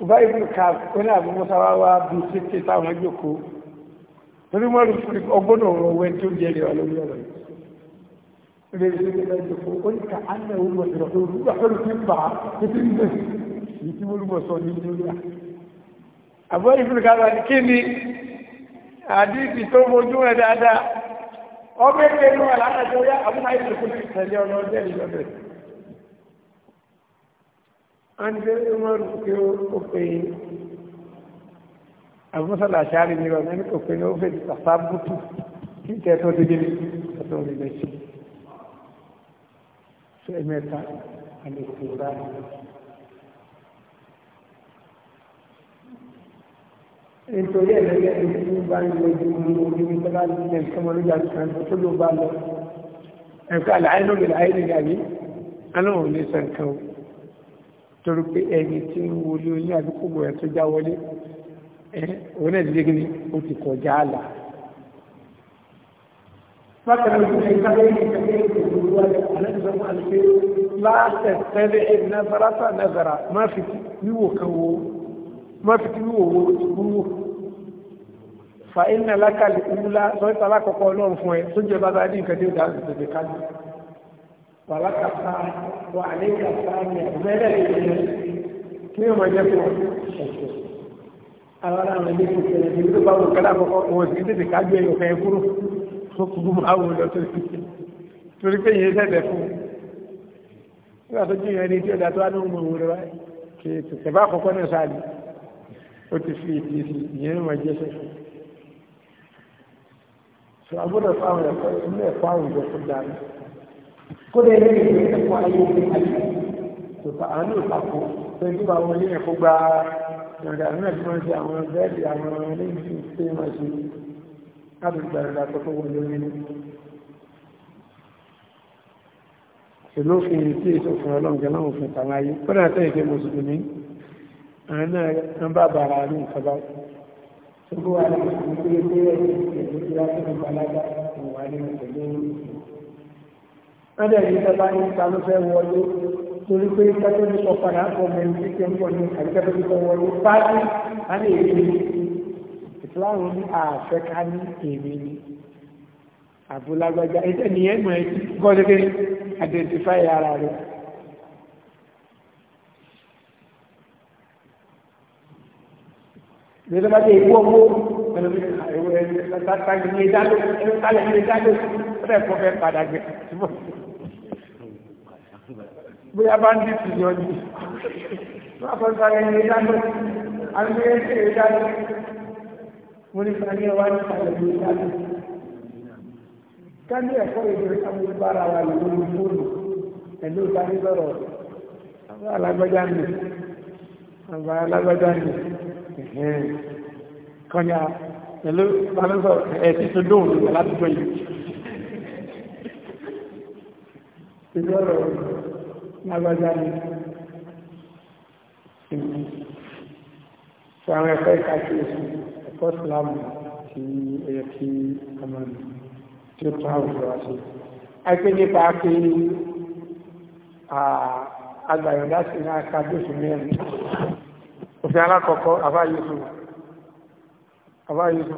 ọba ìlú ká ó ní àbúrúsá wa wá bí sí ti táwọn ẹgbẹ́ kó torí wọ́n rí ọgbọ́n òun ọwẹ́ tó oríkà ánà olùmọ̀ ìrọ̀ olùgbà pẹ̀lú tí ń bà á títí ń bẹ̀ yìí tí olùmọ̀ sọ ní olùgbà àbúrò ìfúnni kára ní kí ni àdíkì tó mojú rẹ̀ dáadáa ọmọ ẹgbẹ́ inú wà lánàá tó yá àbúrò àìsàn kò sí tẹ̀lé ọ̀nà ọjọ́ ìjọ bẹ̀. a ń gbé wọn rú pé ó pè é àbúrò sọ̀lá àṣà rí ni ọ̀nà ní kò pè ní ó fẹ́ ti sàfà bùtù kí ìtẹ́ tó ti dé ní ọ̀tọ̀ ẹ̀mẹ́ta àlèkùnrà nítorí ẹ̀lẹ́gẹ́ ìlú bá ń lo ojú omi ojú omi tọ́lá ní ilẹ̀ ìsọmọlójà kan tó ló bá lọ ẹ̀kọ́ àlàyé lórí àyè nìyà yìí aláwọ̀ ní sànkàn o torí pé ẹni tí ń wọlé oní àdúgbò ẹ̀ tó já wọlé ẹ̀ òun ẹ̀dílé ní o ti kọjá àlà. bákan náà ojú ẹ̀ka lórí ìṣẹ̀lẹ̀ ètò olúwarẹ̀ alẹ́bìsọ́mọ́ àlùfẹ́ láàṣẹ tẹ́lẹ̀ ẹ̀ nẹ́fẹ̀rẹ́ sà nẹ́fẹ̀rẹ́ má fi wíwò kan wo má fi wíwò wo wíwò fa iná lákàlì ìwúlá sọ́yìntà alákọ̀ọ́kọ́ ọlọ́run fún ẹ tó jẹ́ bàbá dín nǹkan tí ó dáhùn tètè kájú wàhálà kàfà wà ní kàfà ní àgbẹ̀rẹ̀ ìlú kí ni ọmọ ẹ̀jẹ̀ fún ọ̀ṣẹ̀ àwọn àwọn ẹ̀jẹ̀ fún ọ̀ṣẹ̀ bá wọn kẹ́lá àkọ́kọ́ wọn sì tètè kájú ẹ̀yọ̀ kẹ́ kúrò tó kú máa wò lọ́tọ̀ sí torí pé yìí sẹ̀sẹ̀ fún un nígbà tó jìyàn ní tí ọ̀dà tó wá ní ohun òwúrọ̀ wá kí ètò ẹ̀bá àkọ́kọ́ náà sáàlì ó ti fi ìdí sí ìyẹn wọn jẹ́sẹ̀ fún un sọ agbọ́dọ̀ fáwọn ẹ̀kọ́ ilé ẹ̀kọ́ àwùjọ tó dára kódà ilé ìwé ẹ̀kọ́ ayé ìwé ayé tó ta àánú ìpapò tó ń dúbà wọn ní ẹ̀kọ́ gba ìrìnàjò àánú ẹ̀kọ́ ìlú fi tí èso fún ọlọ́mọdé náà fún tàwọn ayé kódà tẹ́ ìfẹ́ mùsùlùmí àwọn náà ń bá bàrà ní ìkọba tó kó wà láti fún pé pé ẹ̀sìn ìlú tó ń balága ìwà ní ìpẹ̀lú wọ́n dẹ̀ yí sábà ní ìta ló fẹ́ wọlé torí pé kẹ́tọ́ ní kọpadà kọ mọ ẹni tí ń bọ̀ ní àdìkẹ́tọ́ ní kọ wọlé pàdé á ní èyí ìfúláwọ̀ ní àfẹ́ká ní èmi ni àbúlágbájá ẹ̀tẹ́ ni ẹ̀mọ̀ ẹ̀tí gọ́dẹ́gẹ́ identify ara rẹ̀ lẹ́tọ́ bá jẹ́ ikú ọmọ bóyá bá ń dí sí yọ ní wọ́n fọ́n sáré ní ìdájọ́ àwọn ẹgbẹ́ ìdájọ́ mo ní sáré wá ní sáré ní ìdájọ́ ká ní ẹ̀kọ́ ìdílé amúlùbára wa lè lórí fóònù ẹ̀lú ìbánisọ̀rọ̀ àwọn alágbájá nì àwọn alágbájá nì kọ́nyà ẹ̀lú ìbánisọ̀rọ̀ ẹ̀sìn tó dóòrò aládùúgbò yìí ìgbọ́rọ̀ lágbájá nì sọ àwọn ẹ̀kọ́ ìkàkiri ẹ̀kọ́ ìsìlámù tí ó yẹ kí tí ó tún àwùjọ wa ṣe àìpé nípa pé agbàyọ̀dá sí ní akájú òfin mẹ́rin òfin alákọ̀ọ́kọ́ àbáyéfò àbáyéfò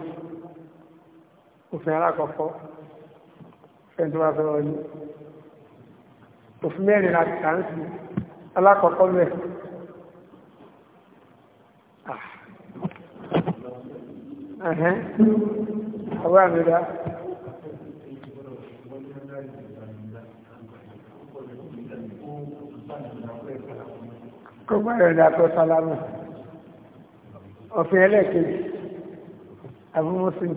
òfin alákọ̀ọ́kọ́ fẹ́ tó bá fẹ́ wọlé òfin mẹ́rin láti kàńtì alákọ̀ọ́kọ́ mẹ́rin Àwọn àmì dáa. kó gbọ́dọ̀ dàpọ̀ sálámù òfin ẹlẹ́ẹ̀kejì abúmọ́sí.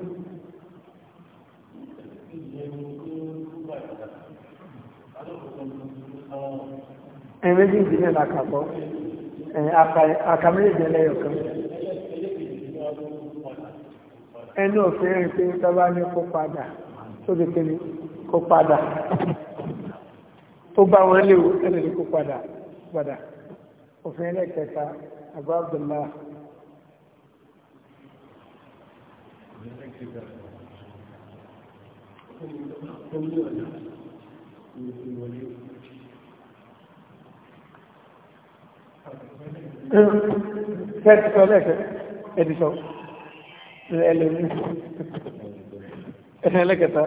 ẹ̀yìn méjì ìdílé làkàpọ̀ ẹ̀yìn àkàméjì ẹlẹ́yọ̀kan ẹnu òfin ẹ̀yìn pé tọ́bá ní kó padà tó ti pé ní kó padà ó bá wọn lé o ẹni ló kó padà padà òfin ẹlẹ́kẹta àbá abdullá. Fẹ́ẹ̀tì sọ lẹ́ẹ̀kẹ́ ẹ̀dì sọ ẹ̀lẹ́mí ẹ̀lẹ́kẹta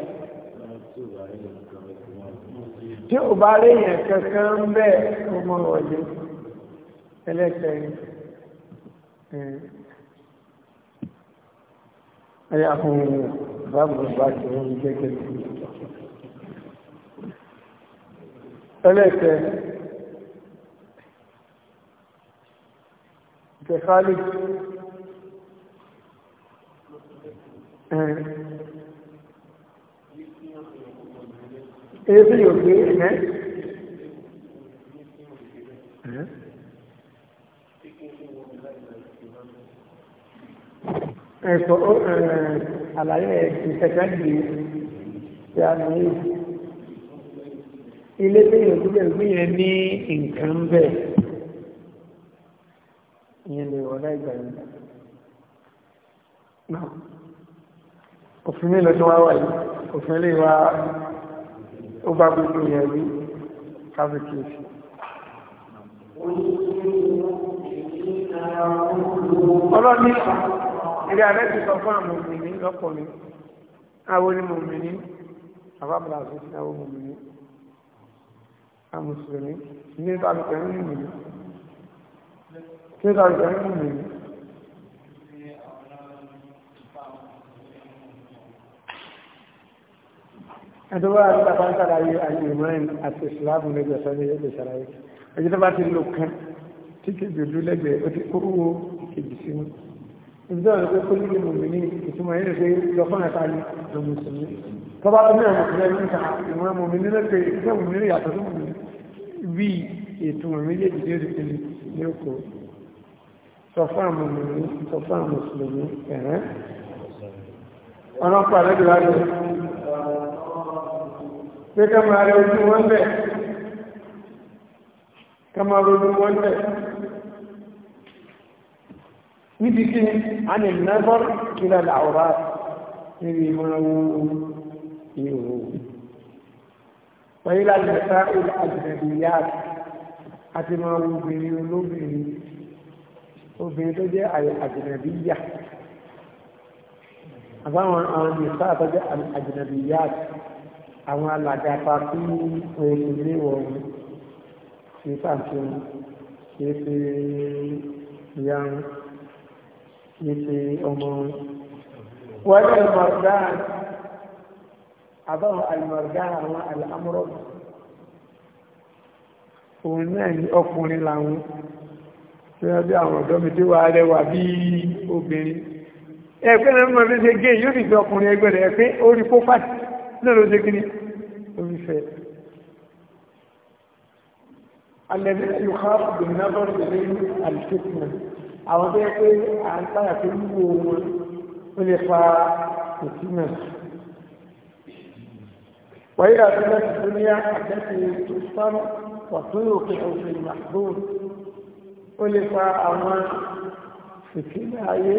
tí ò bá léèyàn kankan ń bẹ́ ọmọ wọlé ẹlẹ́kẹ̀rin ẹ̀yà fún bábùrù bá ti wọ́n jẹ́ kẹ́kẹ́ ẹlẹ́kẹ̀ kẹfàálì ẹ̀rìn ebi yóò gbé ẹ̀ ẹ̀sọ́ àlàyé ìṣẹ̀kẹ́ di ti àmì ilé tí yóò gbé ẹ̀gbé yẹn ní nǹkan bẹ́ẹ̀ ìyẹn lè wọ́n láì gbà yìí òfin mi lọ tí wọ́n wà yìí òfin lè wá ó bá gbogbo yẹn rí kábíkèsí. ọlọ́ni ilé alẹ́ ti sọ fún àwọn òmìnir lọ́pọ̀ mi àwọn onímọ̀mìnir àbábàlà àti àwọn òmìnir àwọn mùsùlùmí ní ìbálòpọ̀ nínú ìmìnir ẹ̀dọ́wọ́ àtàkọ́ ń sàlàyé àyèmọ́rin àti ìsìláàmù lẹ́gbẹ̀ẹ́ sọ́dọ̀ yóò lè sàlàyé ẹjọ́ tó bá ti lò kán tí kejì òdú lẹ́gbẹ̀ẹ́ ó ti kóró kejì sí mú ìjọ rẹ̀ pé kó lílé mọ̀mí ní ìtumọ̀ yẹn pé lọ́kàn ẹ̀ka ni lọ mùsùlùmí tó bá tó mẹ́rin mọ̀mí lẹ́nu níta ìmọ̀ mọ̀mí ní lẹ́gbẹ̀ẹ́ ìjọ mọ̀mí ní yàtọ̀ pé ká máa rẹ ojú wọn bẹ̀ ká máa rojú wọn bẹ̀ níbi kí a ní nẹ́bọ́r kí lọ làwọ́rá níbi máa wo ìhò wáyé láti ẹ̀ta ìlú àjẹ̀dìyà àti máa wo obìnrin olóbìnrin obìnrin tó jẹ́ àjẹ̀dìyà àbáwọn àwọn ìsáà tó jẹ́ àwọn alàgàtà tí wọ́n ti lé wọ̀n kìí pàṣẹ kìí ṣe ìyá kìí ṣe ọmọ wọ́n ṣe mọ̀gán àbáwọn àlùmọ̀gán àwọn àlùmọ̀rọ̀ òun náà ní ọkùnrin làwọn tí wọ́n bí àwọn ọ̀dọ́ mi tí wà rẹwà bí obìnrin ẹgbẹ́ náà mọ̀ bí ṣe gé yóò rí ọkùnrin ẹgbẹ́ rẹ̀ pé ó rí pópàtì náà ló ṣe kí ni omi fẹ́ alẹ́bí yóò ká gbìyànjú lọ́rọ̀ lẹ́yìn àlùfẹ́sìmọ̀ àwọn tó yẹ pé à ń táyà pé wíwo wọn ó lè fa ìtìmọ̀ wàyí àti láti tó ní àkẹ́kẹ́ tó sánú wà tó yóò fi òfin màdúró ó lè fa àwọn ìtìmọ̀ ayé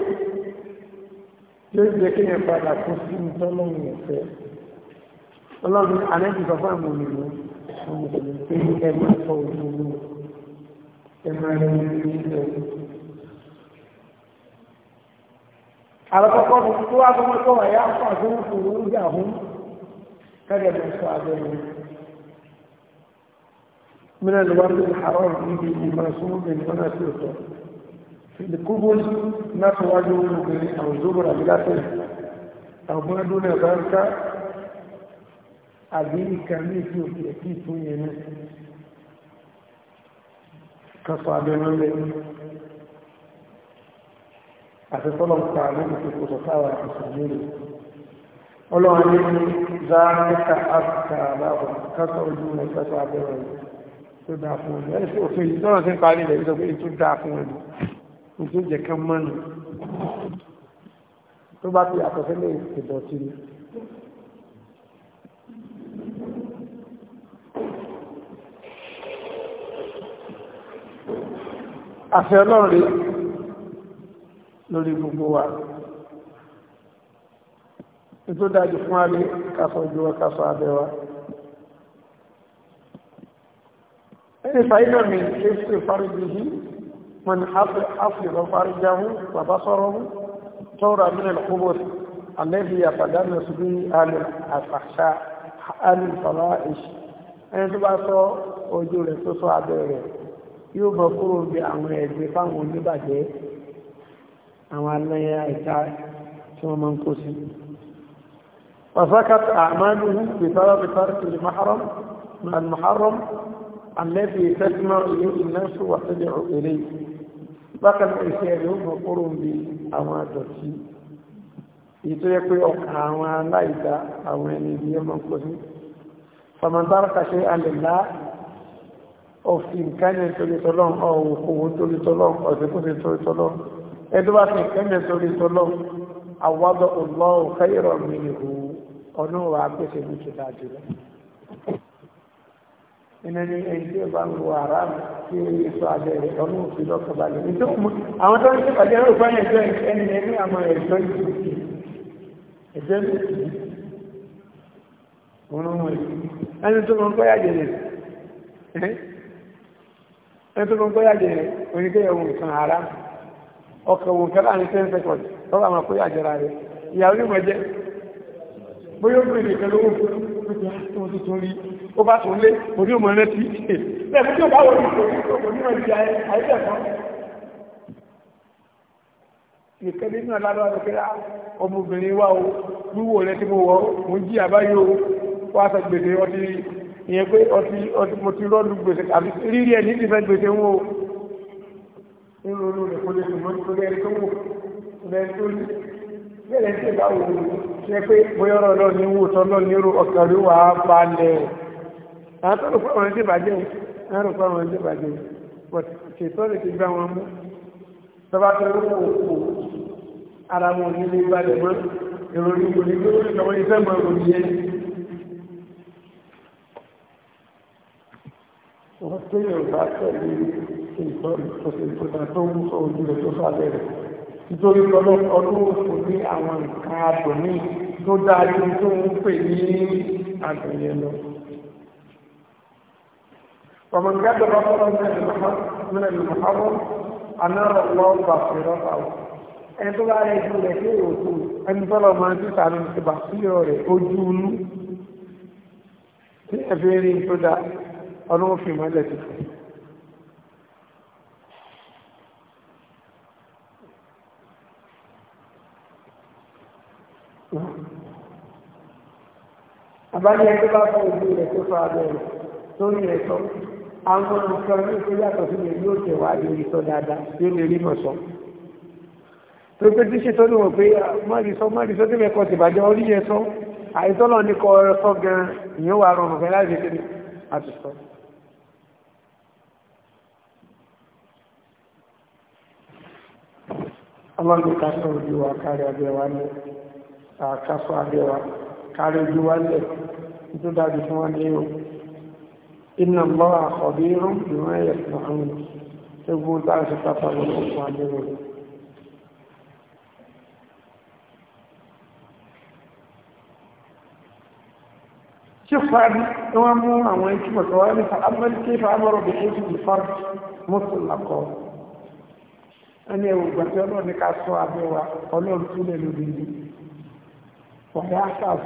yóò jẹ́ kí yẹn padà kó sí ìtọ́lọ́yìn ẹ̀fẹ́ ọlọ́run àlẹ́bí sọ fún àwọn ènìyàn àwọn ènìyàn pé ẹ máa sọ òṣèlú ẹ máa rẹ ní ilẹ̀ àlọ́kọ́kọ́ tuntun tó wá fún ọmọ tó wà yá fún àdúrà fún oúnjẹ àhún kẹ́rẹ̀ lọ sọ abẹ́rẹ́ من الورد الحرام يجي المرسوم من هنا سلطة في القبل ما تواجه المبني أو زبر بلا أو ما دون ذلك àbí ìkà ní ìfì òkè ẹ̀kí fún yẹn náà kọsọ abẹ́rún lẹ́yìn àti tọ́lọ̀ ń pa lórí ìfòkò sọ̀táwà ìsàmúlò ọlọ́run ní ní záàkà áfíkà aláàbọ̀ kásọ̀ ojú rẹ̀ kásọ̀ abẹ́rún rẹ̀ tó dáa fún ọdún ẹni tí òfin yìí lọ́rọ̀ sí àfẹ́ ọlọ́run rí lórí gbogbo wa tó dájú fún alé kásọ̀ ojú wa kásọ̀ abẹ́ wa ẹni fàílò mi kéfì fáríjì yìí mọ̀ ní áfìrọ̀ fáríjì ahun bàbá sọ́rọ̀ mú tọ́rọ àmìnà kúbọ̀ alẹ́bí àpàdánù sí bí alẹ́ àfàṣà alẹ́ fàlá ìṣ yóò mọ kúrò bí àwọn ẹgbẹ́ fáwọn oníbàjẹ́ àwọn aláya ìta tí wọ́n máa ń kó sí وسكت أعماله بسبب ترك المحرم مع المحرم الذي تجمع إليه الناس وتدعو إليه bákan náà iṣẹ́ rẹ̀ ó mọ̀ kúrò ń bi àwọn àdọ̀tí èyí yẹ pé ọkàn àwọn aláìdá àwọn ẹni ibi ọmọ kò sí fàmàntàrà kàṣẹ alẹ́lá òfin kẹ́lẹ̀ torí tọ́lọ́ ọ̀wọ̀ owó torí tọ́lọ́ ọ̀sẹ̀kúnṣe torí tọ́lọ́ ẹdúbà fi kẹ́lẹ̀ torí tọ́lọ́ àwọ́dọ̀ ọlọ́ọ̀ kẹ́yọ̀rọ̀ mi ìhù ọ̀nà wà pèsè ní ṣùgbọ́n àjùlọ. iná ní ẹni tí ó bá ń lo ara tí ó yẹ sọ abẹ́ rẹ̀ ọ̀nà òfin lọ́kọ̀ balẹ̀. àwọn tó ń ṣe pàdé ẹ̀rọ ìfọ̀yín ẹ̀jọ́ ẹni ẹni àmọ́ ẹni tó gbọ́ yàjẹ́ rẹ̀ oníkéyàwó nǹkan ara ọkọ̀ wọn kẹ́lá ní 10 seconds lọ́wọ́ àwọn akó yàjẹ́ rẹ̀ ìyàwó ní mọ̀jẹ́ bóyá ó bèèrè pẹ̀lú owó fún tuntun rí ó bá tún lé orí òmò rẹ̀ tí lẹ́ẹ̀kú tí ó bá wọ ní onímọ̀ ìdí àìsẹ̀kọ́ nìkan nínú alárọ̀ àdókẹ́lá ah, ọmọbìnrin wa o wíwò rẹ̀ tí mo wọ̀ mo jí àbáyọ wá sọ gbèdé ọdún ìyẹn pé ọtí mo ti rọ́ọ̀lù gbèsè àbí rírí ẹ̀ ní ti fẹ́ gbèsè ń wò ó nínú olú rẹ̀ kó lè sùn mọ́ nítorí ẹni tó wò lẹ́yìn tó lè bẹ́ẹ̀ tí ìgbà wò ó ṣe pé bóyá ọ̀rọ̀ náà ní wò tán náà nírú ọ̀kan rí wàá balẹ̀ àwọn tó lè fọ́ àwọn ẹ̀dẹ́ bàjẹ́ tó lè fọ́ àwọn ẹ̀dẹ́ ṣètò lè ti gbá wọn mú tọ́ba tó lè wò ó ara wọn ní kò ní mọ́ òní yẹn wọ́n pé yorùbá tẹ̀lé ìtọ́sẹ̀tọ́ta tó ń sọ ojú rẹ̀ tó sábẹ́ rẹ̀ nítorí ọdún òfò ní àwọn nǹkan àdùnní tó dájú tó ń pè ní àdùnní lọ ومن جد بطرا من المحرم أنار الله بصيرته ẹni tó bá rẹ̀ ju rẹ̀ sí òkú ẹni tọ́lọ̀ máa ń títà ní ìbàsíyọ̀ rẹ̀ ojú inú tí ẹ̀fẹ́ rí tó dáa ọlọ́wọ́ fi mọ́lẹ̀ ti fún àbájá ẹgbẹ́ bá fún ojú rẹ̀ tó fa abẹ́rẹ̀ lórí rẹ̀ sọ àwọn nǹkan ní ìpínlẹ̀ yàtọ̀ sí lè yóò tẹ̀wá lórí sọ dáadáa yóò lè rí mọ̀ sọ tó pé tí ṣe tó ní wọ̀n pé mọ́rìsọ́ mọ́rìsọ́ tí mẹ́kọ̀ọ́ tìbàjẹ́ orí yẹn sọ àìsọ́lọ́ ní kọ́ ọ̀rọ̀ sọ gan-an ìyẹn wà rọrùn fẹ́ láti ṣe àtìsọ. ọlọ́dún ká sọ ojú wa kárí abẹ́ wa ní àkásọ abẹ́ wa kárí ojú wa lẹ̀ tó dájú fún wa ní o iná lọ́wọ́ àkọ́bí rún ìwọ̀n ẹ̀yẹ̀ fún àwọn ẹgbùn láti pápá lọ́wọ́ fún àdéhùn صفر ومو عمين كما سوالي فأمل كيف أمر بحيث الفرد مطلقا أنا أبتلو أنك أسوى بيوا قلوا رسول الوديني ويحسف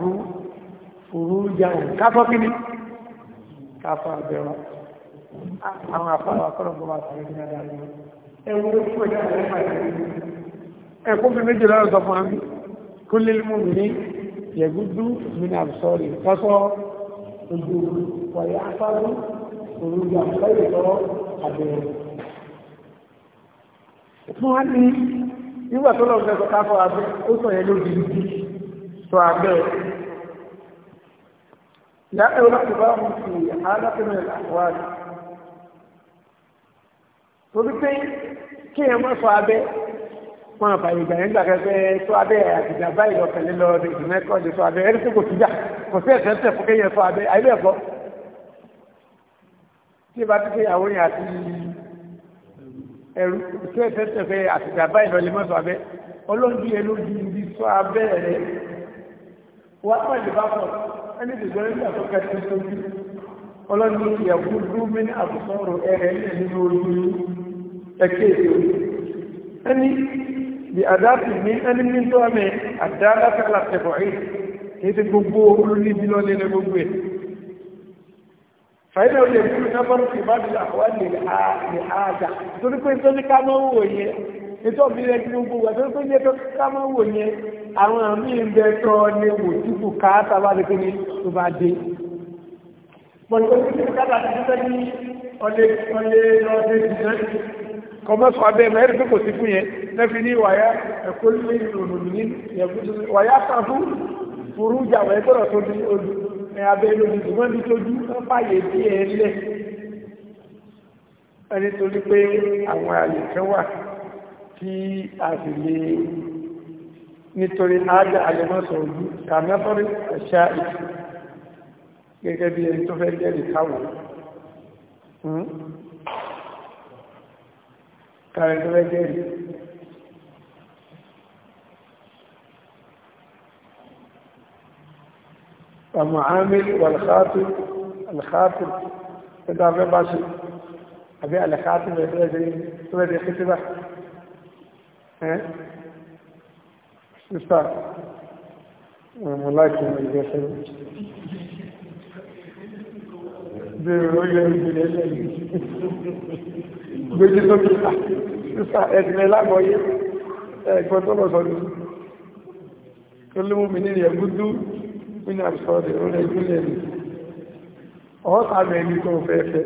فروجا كفا كني كفا بيوا àwọn afárá kọ́nà bọ́ bá sáré ní adáyé ẹwọ́n ló fún ẹ̀dá ẹ̀rẹ́ pàtàkì ẹ̀kọ́ fi méjì lọ́rọ̀ sọ fún àmì kó lè mú mi ní yẹ̀gúdú ojú wàyà afárú òrùlé àgbáyé lọ́wọ́ àbẹ̀rẹ̀. Fún wa ní nígbà tó lọ́wọ́ fẹ́ sọ́ká abẹ́, ó sọ yẹn lóbi ibi sọ abẹ́. Ìyá ẹ̀rọ láti bá wọn fi ha Torí pé kí ẹ má sọ abẹ́, wọn àfààyè ìgbà yẹn gbàgbé pé tó abẹ́ àtìgbà báyìí lọ tẹ̀lé lọ ìdùnnẹ́kọ́ lè tó abẹ́ ẹni tó kò síjà kò sí ẹ̀sẹ̀ tẹ̀ fún kéèyàn tó abẹ́ àìlú ẹ̀kọ́ tí ìbá tó kéèyàwó yẹn àti ẹrú tó ẹ̀sẹ̀ tẹ̀ fẹ́ àtìgbà báyìí lọ lè mọ́ tó abẹ́ olóńgbé ẹlú di ibi tó abẹ́ rẹ wà á lè bá pọ̀ ẹni tìjọ nígbà tó kẹsí sójú olóńgbé ìyàwó dúmínì àbùsọ̀rọ̀ ẹ̀rẹ̀ ẹ̀kẹ́ ẹni بأداة من أن من دوامي الدالة على التبعيد كيف تقبوه أولوني بلوني لقبوه فإنه يكون نظر في بعض الأحوال لحاجة تقول لكم إنتوني كما هو يه ètò ìbílẹ̀ tí ó gbogbo àti ọdún yẹ́ tó kámọ́ wò yẹn àwọn àmì ìbẹ̀ tó lè wò títù káàtà bá lẹ́kọ́ ní tó bá dé mọ̀lẹ́kọ́ tí ó káàtà ti tẹ́ ní ọlẹ́ ọlẹ́ ọdẹ́ ìdíjẹ́ kọmọ́sọ abẹ́ ẹ̀mọ́ ẹ̀rí pé kò sí fún yẹn lẹ́fi ní wàyá ẹ̀kọ́ lónìí wàyá kan fún fúrú ìjà wẹ̀ tọ́rọ̀ tó ní ojú ẹ̀ abẹ́ lónìí ṣùgbọ́n ní tójú wọ́n fàyè sí ẹ̀ lẹ̀ ẹni tó ní pé àwọn àyè wà tí a sì lè nítorí ájá àyẹ̀mọ́sọ̀ ojú kàmẹ́fọ́rí ẹ̀ṣá ìtù gẹ́gẹ́ bí ẹni tó fẹ́ jẹ́ ìkáwọ̀ hmm? kárẹ̀ tó fẹ́ المعامل والخاطب الخاطب إذا في باشي أبي على خاطب يبدأ خطبة ها استاذ والله كما يجسر بيقول لي gbèjì lókè sísà ẹ̀sìnlẹ̀ lágbọ́yé ẹ̀gbọ́n tó lọ sọ́dún tó lé mú mi ní rẹ̀ gúdú nínú àṣọ́dẹ̀ orí ìpínlẹ̀ ní ọ̀ọ́ta mẹ́ni tó fẹ́ẹ̀fẹ́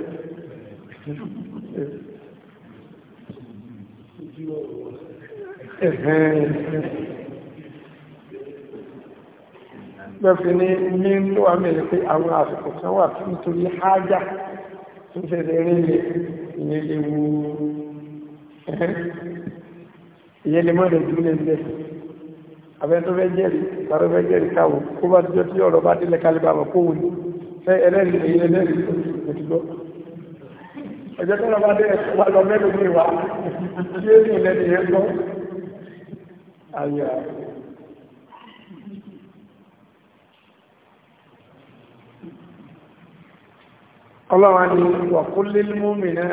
Gbẹ́fì ni ní ló wà mẹ́rin pé àwọn àsìkò kan wà nítorí hájá tó fẹ́ ìyẹn lè wo ìyẹn lè mọ́rẹ̀ jùlẹ̀ ń bẹ̀ abẹ́ tó fẹ́ jẹ́rìí tàbí fẹ́ jẹ́rìí káwò kó bá ti jọ tí ọ̀rọ̀ bá délẹ̀ kálíbà mọ̀ kóhùn ní fẹ́ ẹlẹ́rìí ẹ̀yìn ẹlẹ́rìí kò ti gbọ́ ọjọ́ ọlọ́wà ni wọ̀kúnlé múmìnà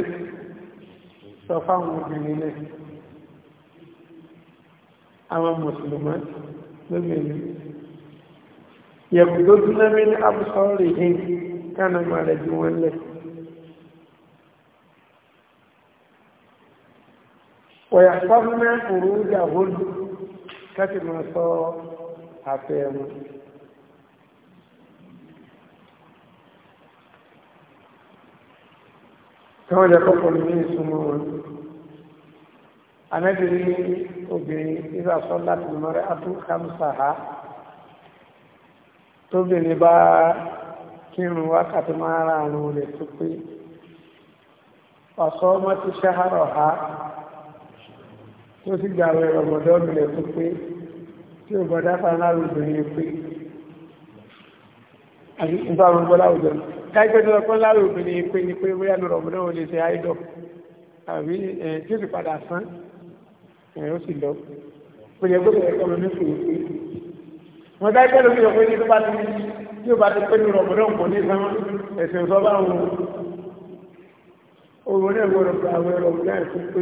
sọ fáwọn obìnrin náà àwọn mùsùlùmí lóbìnrin yẹ̀kùdó dúnlẹ́mí ní abúsọ́rì hìn kánà máa rẹ̀ jù wọ́n lẹ̀ wọ̀yà sọ́fúnmẹ́ òrùn ìjà hólù kẹ́tì máa sọ àfẹ́ wọn tí wọ́n jẹ́ kọ́kùnrin ní ìsúnmọ́ wọn anábìrin obìnrin ìgbà sọ́lá ti mọ́rẹ́ abúkámsáhá tóbìnrin bá kírun wákàtí máa ra àrùn rẹ̀ tó pé ọ̀sọ́ ọmọ ti ṣáhárọ̀ ha tó sì gbàwẹ̀ rọ̀mọ̀dọ́ rẹ̀ tó pé tí ò gbọ́dá fanáà obìnrin pé àti nípa àwọn ọgbọ́n láwùjọ ni káyipẹ́ tó lọ́kọ́ láwùjọ òfin ni pé ni pé bóyá lọ́rọ̀ ọmọdé wọn lè ṣe àìdọ̀ àbí tí ó sì padà sán ó sì lọ pé yẹ gbọ́dọ̀ ẹ̀kọ́ mi ní fòye pé wọn káyipẹ́ ló fi hàn pé ní tó bá ti tí ó bá ti pé ní ọ̀rọ̀ ọmọdé wọn ní sán ẹ̀sìn sọ bá wọn òun náà gbọ́dọ̀ gba àwọn ẹ̀rọ ọmọdé fún pé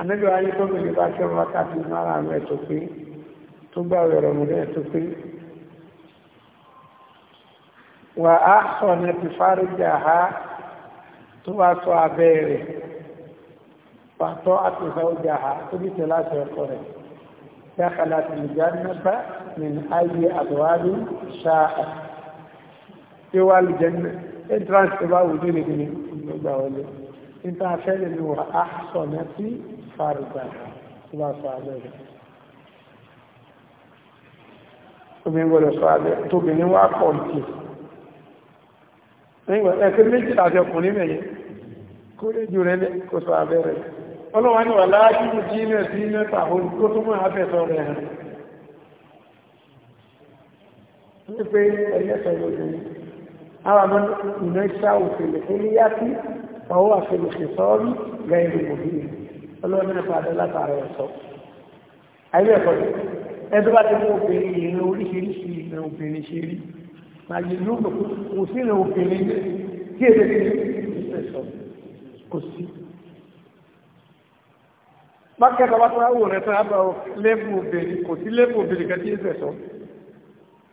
anájọ ayé tó mi ní bá ṣe wọn wákàtí márùn-ún ẹ̀tọ́ pé tó gbà ọ̀rọ̀ ọmọdé ẹ̀tọ́ pé wà á sọ̀nà ti fárígà ha tó bá sọ abẹ́ rẹ̀ pàtó àti fárígà ha tó bí tẹ láti ọkọ rẹ̀ dákàlá ti nìjà nípa min ayé àdúwárí ṣáà tí wà lè entrance tó bá wùdú ní gbìnì ìgbà wọlé níta afẹ́lẹ̀ ni wà á sọ̀nà ti fárígà tó bá sọ abẹ́ rẹ̀ obìnrin gbọdọ̀ sọ abẹ́ tóbìnrin wá kọ̀ọ̀tì ẹ̀kẹ́ méjì láti ọkùnrin mẹ́yẹ kó lè jù rẹ̀ kó sọ abẹ́rẹ̀ ọlọ́wà ní wà láàájú jí ilẹ̀ sí mẹ́ta ohun tó tó mọ́ abẹ́sọ rẹ̀ hàn ní pé ẹlẹ́sọ lóbìnrin ara mọ́ ìná iṣá òfèlè tó ní yá sí ọwọ́ àfẹlẹ̀fẹ̀ sọ́ọ́rí gẹ̀ẹ́rì òbí ọlọ́wà ní padà látara ẹ̀sọ́ ayé ẹ̀kọ́ ẹ̀dọ́ bá ti mú obìnrin ìrìn láyé lóògbò kò sí ìrìn òkèèrè tí èdè kí ìfẹ̀sọ̀ kò sí. Mákẹ́ta wá tán wò rẹ̀ tán á bá ọ lẹ́bù obìnrin kò sí lẹ́bù obìnrin kan tí ìfẹ̀sọ̀.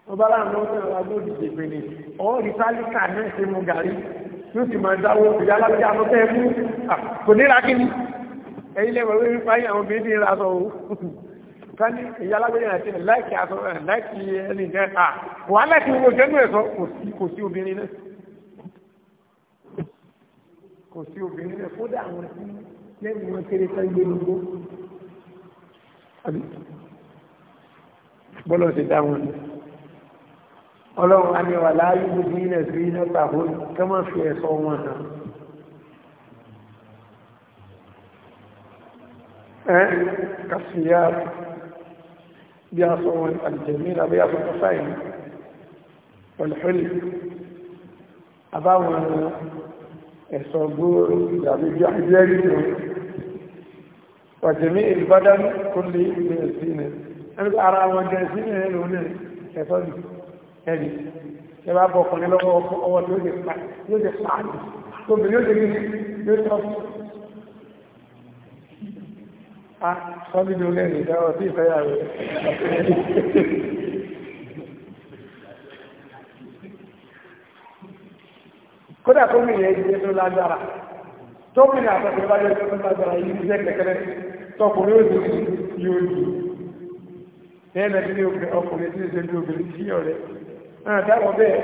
Mo bá láàrín lọ́wọ́ tẹ̀lé wa lóòdì ìgbègbè ọ̀hún rí sálíkà náà ṣe mú gàrí yóò sì máa dáwọ́ òkèèrè alábẹ́jà lọ tẹ́ mú kò ní ra kí ni ẹ̀yin lẹ́wọ̀ wíwí fáyín àwọn obìnrin ti ń ra sọ kani ìyálágbéyàn àti láìkì aṣọ láìkì ẹni jẹ́ à wà láìkì gbogbo jẹ́nu ẹ̀sọ́ kò sí obìnrin náà kò sí obìnrin náà kódà àwọn tí lẹ́yìn wọn kéré sáré gbé gbogbo bọ́lọ̀ ti dá wọn ọlọ́run á ní wà láàyè gbogbo ilẹ̀ sí iná tàbó kí wọ́n fi ẹ̀sọ́ wọn hàn. ẹ́ kàfíyà بيعصوا الجميل بيعصوا الحسين والحلم أباهم الصبور يعني بيحجيهم وجميع البدن كل السنة أنا بأرى أن السنة هنا ẹ̀fọ́ mi ẹ̀rì ẹ bá bọ̀ ọkùnrin lọ́wọ́ ọwọ́ tí ó lè pa yóò lè pa àná wọ́n bí ló lẹ́rìn ìdáwọ̀ tí ìfẹ́yàwó kódà tó mi yẹ ìgbé tó lágbára tó mi ní àtàkùn bá jẹ́ tó lágbára yìí jẹ́ kẹ̀kẹ́rẹ́ tọkùnrin ó sì yóò jù ẹ̀ẹ́nà tí ọkùnrin tí ìṣẹ́jú obìnrin sí ọ̀rẹ́ náà dáwọ̀ bẹ́ẹ̀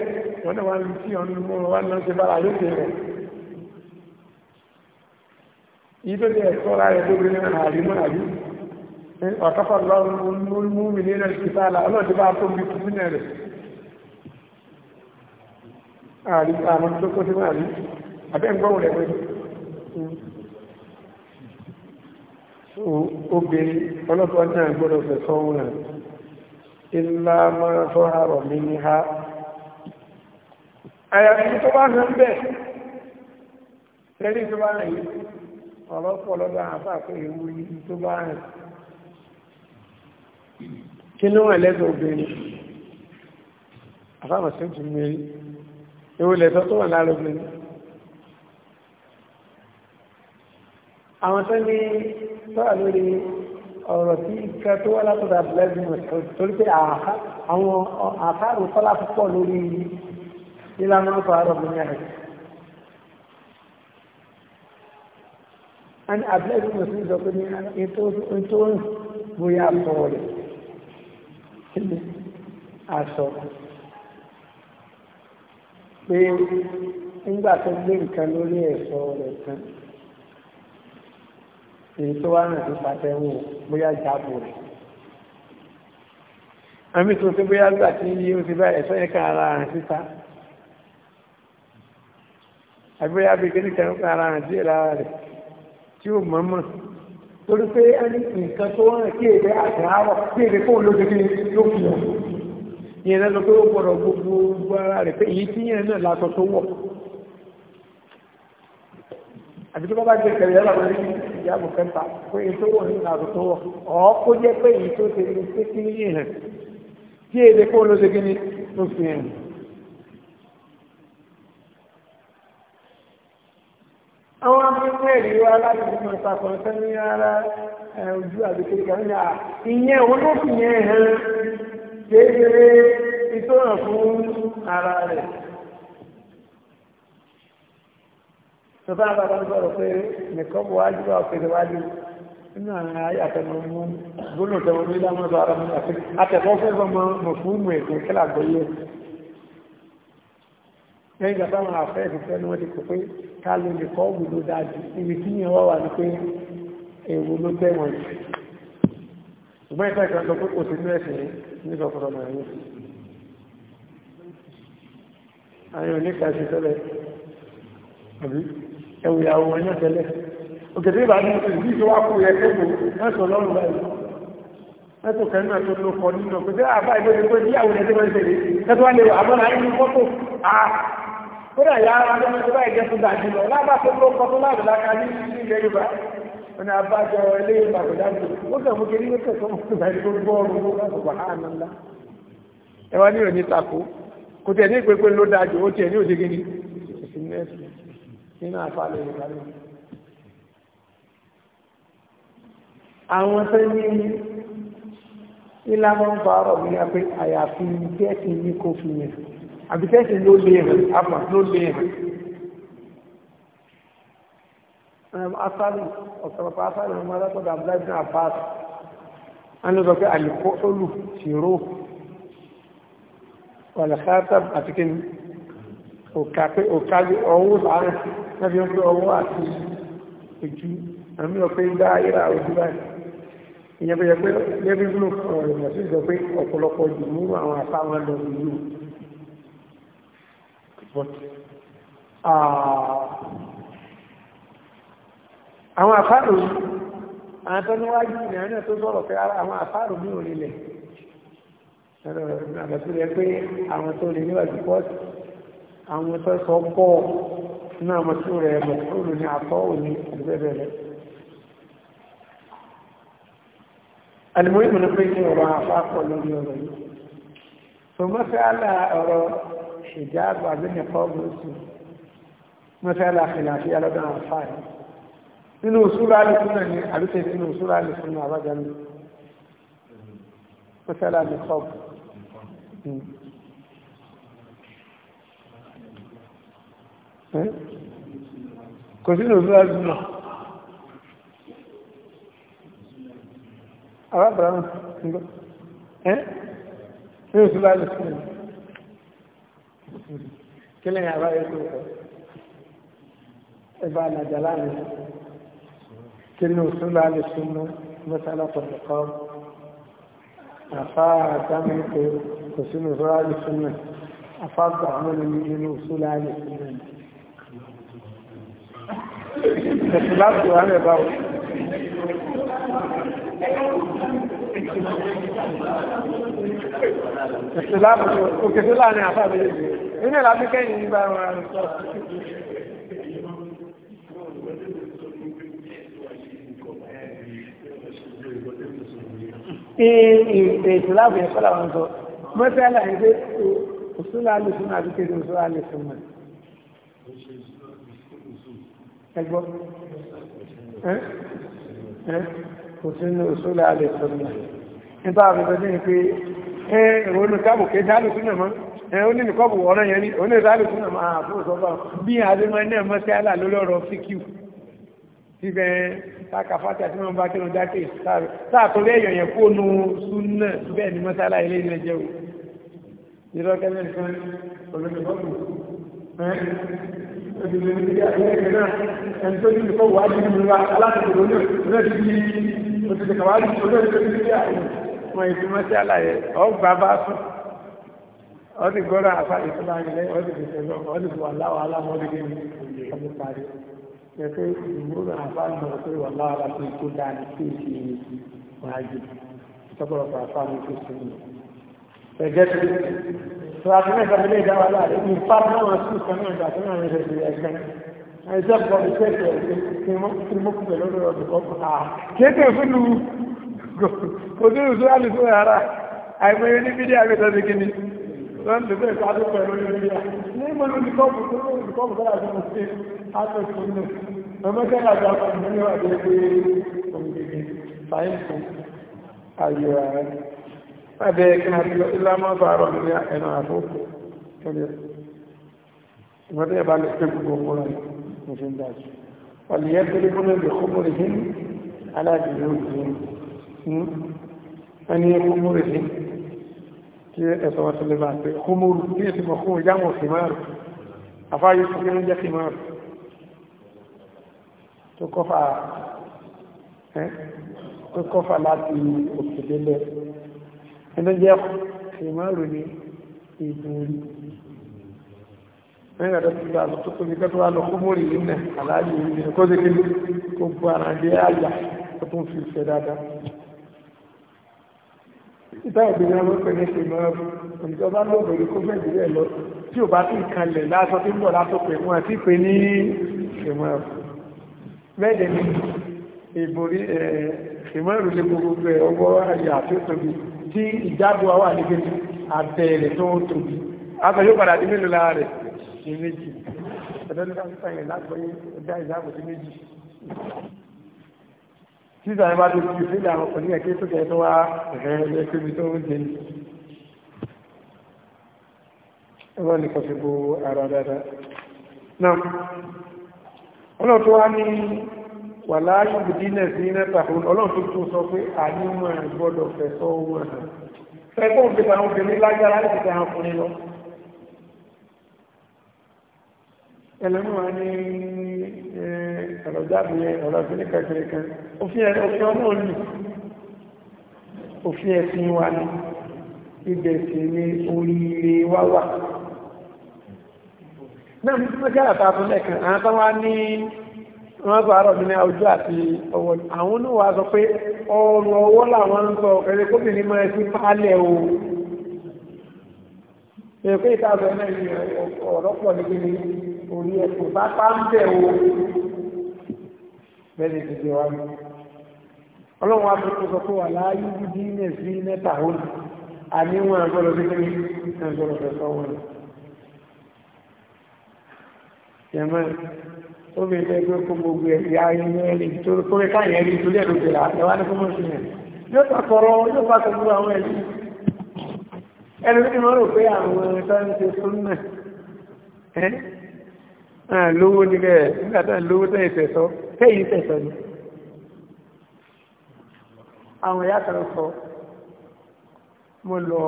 wọ́n náà wá lù sí ọ̀nà mọ́ wá lọ sí bára lókè rẹ̀ yìí tó ẹ̀kọ́ rẹ̀ tó gbé náà àrímọ́ àrímọ́ ọ̀kọ́fà lọ́rùn mú mi nínú ìkìtàlá ọlọ́dún bá tó bí kùsùn rẹ̀ àrí àwọn tó kó sí máa rí abẹ́gbọ́n rẹ̀ pẹ̀lú obìnrin ọlọ́pàá náà gbọ́dọ̀ fẹ̀sọ́ wọn ilá máa tọ́ àrọ̀ mi tó bá hàn kí ló wà lẹ́gbẹ̀ẹ́ obìnrin àfàmọ̀sí ti mérí ewu lẹ́tọ́ tó wà lára obìnrin àwọn tó ní tọ́wà lórí ọ̀rọ̀ tí ìkà tó wà látọ̀dà blẹ́gbìn torí pé àwọn àfáàrù kọ́lá púpọ̀ lórí ìlànà ọkọ̀ àrọ̀ mi rẹ̀ a ní àbúlẹ̀ ìgbìmọ̀ sí ìjọba kíni aṣọ pé nígbà tó gbé nǹkan lórí ẹ̀ṣọ́ rẹ̀ kan èyí tó wá rìn nípa tẹ́wọ̀n bóyá jábọ̀ rẹ̀ àmì tó tó bóyá gbà tí yíó ti bá ẹ̀ṣọ́ yẹ kan ara rìn síta àbúyá bí kíníkan ara rìn díẹ̀ lára rẹ̀ tí ó mọ̀ọ́mọ̀ torí pé ẹni nǹkan tó ń rìn kí èdè àdáárọ̀ kí èdè fóun ló ti ló fi hàn yẹn lẹ́nu pé ó gbọ́dọ̀ gbogbo ara rẹ̀ pé èyí tí yẹn náà lásọ tó wọ̀ àti tó bá bá jẹ kẹrẹ yẹn làwọn ẹni ìyàbò kẹta pé èyí tó wọ̀ ní lásọ tó wọ̀ ọ̀ kó jẹ́ pé èyí tó ṣe kí ní yìí hàn kí èdè fóun ló ló fi hàn. àwọn abúlé ẹ̀rí wa láti fi máa papọ̀ ọ̀sẹ̀ ní ara ojú àbíkiri kan ní à ìyẹn òun ló fi yẹn hàn kékeré ìtọ́nà fún ara rẹ̀. Sọ̀tà àbàbà ń sọ̀rọ̀ pé nìkan bọ̀ wájú bá òkèèrè wájú nínú àwọn ayé mú gbólóhùn tẹ̀wọ̀n ní ìdámọ́dọ̀ ara mú àti àtẹ̀kọ́ fẹ́ sọmọ mọ̀fúnmù ètò ìkẹ́làgbọ́yé lẹ́yìn ìgbà táwọn àfẹ́ẹ̀kù fẹ́ ni wọ́n ti kò pé ká ló lè kọ́ ògùn ló dájú ibi tí yẹn wọ́n wà ní pé èwo ló tẹ̀wọ̀n jù ṣùgbọ́n ìfẹ́ kan sọ pé kò sí mẹ́ẹ̀sì ní sọ̀kọ̀rọ̀ màáyé àwọn oníkàṣe tẹ́lẹ̀ àbí ẹwù ìyàwó wọn náà tẹ́lẹ̀ òkèdè ìbá ní ìlú tó wá kú ẹgbẹ́ ìbò mẹ́sàn lọ́rùn báyìí mẹ́sàn kẹ́rin náà tó ló kọ nínú ọ̀pẹ́ tí àbá ìgbẹ́ ìgbẹ́ ìyàwó ẹ̀ kódà yà ara ló ti báyìí jẹ́ fúnra jùlọ lábàá tó ló kọ́ tó láàbù láka ní ilẹ̀ yorùbá wọn ni abájọ eléyìí bàbá dájú ó kàn mú kiri wípé tó mú kúta ẹni tó gbọ́ ọ̀rọ̀ ló bá sọ̀rọ̀ hàn ńlá ẹ wá ní òní tako kò tẹ̀ ní ìpépé ló dájú ó tẹ̀ ní òde gidi nínú àfàlẹ̀ yorùbá lọ. àwọn tó ní ìlànà ń fa ọ̀rọ̀ mi àbíkẹ́sì ló lè hàn àpà ló lè hàn asali ọ̀sọ̀rọ̀pọ̀ asali ọmọ alátọ́dọ̀ abdullahi bin abbas a ní sọ pé àlìkọ́ olù tìró wàlẹ̀kátàb àti kí ni òkàgbé ọwọ́ láàrín lábí ń pé ọwọ́ àti ojú àmì ọ̀pẹ́ ń dá ayéra ojú báyìí ìyẹn lẹ́bí blue ọ̀rọ̀ ìmọ̀ pé ọ̀pọ̀lọpọ̀ jù nínú àwọn àtàwọn lọ but uh, àwọn àfáàrù àwọn tó níwájú ní àwọn tó sọ̀rọ̀ pé ara àwọn àfáàrù ní orílẹ̀ àbẹ̀túrẹ̀ pé àwọn tó lè níwájú pọ́ọ̀tì àwọn tó sọ pọ̀ náà mọ̀tú rẹ̀ mọ̀túrù ní àtọ́wò ní ìbẹ̀bẹ̀rẹ̀ alìmọ̀ ìmọ̀ ní pé ní ọ̀rọ̀ ṣèjáàbù àgbẹ̀nìkọ́ gúúsù mọ́sálà kìláfí alọ́dún àfáà nínú òṣùlá alùsùnà ni àlùsẹ̀ nínú òṣùlá alùsùnà àbájá ní mọ́sálà nìkọ́ kò sínú òṣùlá alùsùnà àbábàá ń gbọ́ ẹ́ nínú òṣùlá alùsùnà kí lẹ́yìn àbáyé tó kọ ẹ bá àlàjà láàrin kí ni òsún láàrin súnmọ mọ́sálà pọ̀lọ̀ kọ́ àfa àtàmì pé kò sínú òsún láàrin súnmọ àfa àgbà àwọn ẹni nínú òsún láàrin súnmọ ẹ̀sùn láti wà ní ẹ̀bá wọn ìsìláàmù òkè tó láàrin àfáà méjèèjì nínú ìlàbí kẹ́yìn nígbà wọn sọ. ìsìláàmù yẹn kọ́lá wọn sọ mọ́tẹ́lá yìí pé òṣùlá alùsùn àti kéde òṣùlá alùsùn mọ́. ẹgbọ́ kò sínú òṣùlá alùsùn mọ́ nípa àbẹ̀bẹ̀ ní pé ẹ ìwọ̀n ní káàbù ké dálù sínú mọ́ ẹ ó ní nìkọ́bù ọ̀rọ̀ yẹn ní ó ní dálù sínú mọ́ àfúrò ah, sọ́fà bí àdémọ́ iná mọ́ sí àlà lórí ọ̀rọ̀ fíkìú síbẹ̀ kákàfàtà tí wọ́n bá kí wọ́n dákè sáàtúrí ẹ̀yọ̀ yẹn kó nu súnà bẹ́ẹ̀ ni mọ́sálà ilé ilẹ̀ jẹ́ o ìrọ́kẹ́lẹ́ nìkan olùdókòwò ẹ̀ ẹni tó ní nìkan wà á di nínú wa alátìkò lónìí wọn ìfi mọ́tí àlàyé ọgbà bá sùn ọdí gbọ́dọ̀ àfa ìtura ilẹ̀ ọdí gbèsè lọ ọdí wà láwà aláwọ̀dí gbé ní ọdí parí pẹ̀pẹ́ ìgbóná àfa ń bọ̀ pé wà láwà láti tó dáa ní sí ìfi wájú tọ́pọ̀lọpọ̀ àfa mi tó sùn ní. ẹ̀jẹ̀ tó tọ́lájú mẹ́ta mi lè dá ní fáwọn tó náà rẹ̀ rẹ̀ ẹ̀gbẹ́ ẹ̀jẹ̀ kò sí ìrùsùn láti fún ara àìmọye ní fídíà àgbẹ̀tọ́ sí kíni lọ́nà tó bẹ̀rẹ̀ pàdé pẹ̀lú ní fídíà ní ìmọ̀ lórí kọ́ọ̀bù tó lórí kọ́ọ̀bù kọ́lá tó mọ̀ sí àtọ̀tún nù mọ̀mọ́kẹ́lá tó àpọ̀ mọ́ níwà tó gbé òmìnirí fàyẹ̀kù ayò ààrẹ pàdé kí a ti lọ ìlàmọ́ fàárọ̀ ní ẹnu àfókù tó lè ìmọ̀tẹ́ ìbá lè pé gbogbo mọ́ra ní fi ń dájú wà lè yẹ́ pé lè fún ẹni kúmúrù sí kí ẹ̀sọ̀ wọ́n ti lè bá pé kúmúrù tí èsì mọ̀ kúmù jámọ̀ sí márùn afáyé sí ló jẹ́ sí márùn tó kọfà ẹ́ tó kọfà láti òkè lélẹ̀ ẹni jẹ́ sí márùn ní ìbúrí ẹ̀yìn ọ̀dọ́ ti gbà tó tóbi kẹ́tọ́ wá lọ kó mórí yìí nẹ̀ aláàjì títà ìbílẹ̀ ọmọ pẹ̀lú ṣe mọ́ ìjọba lóbìnrin kó fẹ́ ìbílẹ̀ lọ tí ò bá tí kalẹ̀ lásọ tí ń bọ̀ lásọ pé wọn àti pé ní ṣèmọ́ bẹ́ẹ̀ ni ìborí ṣèmọ́ ìrùlé gbogbo ẹ̀ ọwọ́ ayé àti òtòbi tí ìjábọ̀ wà níbi àbẹ̀rẹ̀ tó ń tóbi abẹ́yọ́ padà dé mélòó lára rẹ̀ ní méjì ọ̀dọ́ ní ká títà ẹ bá tó fi sílẹ̀ àwọn kò ní ẹ̀kẹ́ tó kẹ́ tó wá ẹ̀rẹ́ ẹ̀kẹ́ mi tó ń jẹ ní. ẹ̀rọ ní kọ̀sí bo ara dáadáa. náà ọlọ́run tó wá ní wàlá yóò sí nẹ́ta ọlọ́run tó tún sọ pé àníwọ̀n ẹ̀ gbọ́dọ̀ fẹ̀ sọ owó ẹ̀ fẹ́kọ́ òfin àwọn obìnrin lágbára láti fi àwọn ọkùnrin lọ. ẹlẹ́nu wa ní ọ̀rọ̀ jáde yẹn ọ̀rọ̀ ìfẹ́lẹ̀ kẹkẹrẹ kan òfin ẹ̀rọ òfin ọmọ òní òfin ẹ̀sìn wa ni ibẹ̀ sì ni oríire wá wà náà mú sí káràtà fún lẹ́kan àwọn tó wá ní wọ́n sọ àárọ̀ mi ní ojú àti ọwọ́ àwọn náà wá sọ pé ọrùn ọwọ́ làwọn ń sọ ẹ̀rẹ́ kóbìnrin máa sí pálẹ̀ o èrè pé ìtàbẹ̀ náà ọ̀rọ̀ pọ̀ nígbìnrin orí ẹ̀kọ́ bá pá ń bẹ̀ o bẹ́ẹ̀ ni ti di wa ní ọlọ́run wa fún ọkọ̀ fún wa láàyè dídí ní ẹ̀sí mẹ́ta òun àní wọn àgbọ̀lọ̀ sí pé àgbọ̀lọ̀ fẹ́ sọ wọn. yẹmọ obìnrin tó gbé fún gbogbo ẹ̀ ìyá inú ẹ̀rí tó kó lè káyẹ̀ rí torí ẹ̀rọ ìgbéra ẹ̀wá ní fúnmọ̀ sí yẹn yóò ta kọ̀rọ̀ yóò bá tẹ̀lé àwọn ẹ̀rí ẹ̀rọ ní wọ́n rò pé àwọn ẹ̀rọ ń ṣe fún náà ẹ̀ lówó níbẹ̀ nígbà tá lówó tẹ̀ ìfẹ́ sọ kéyìí sẹ̀sọ̀ ni àwọn ìyá kan sọ mo lọ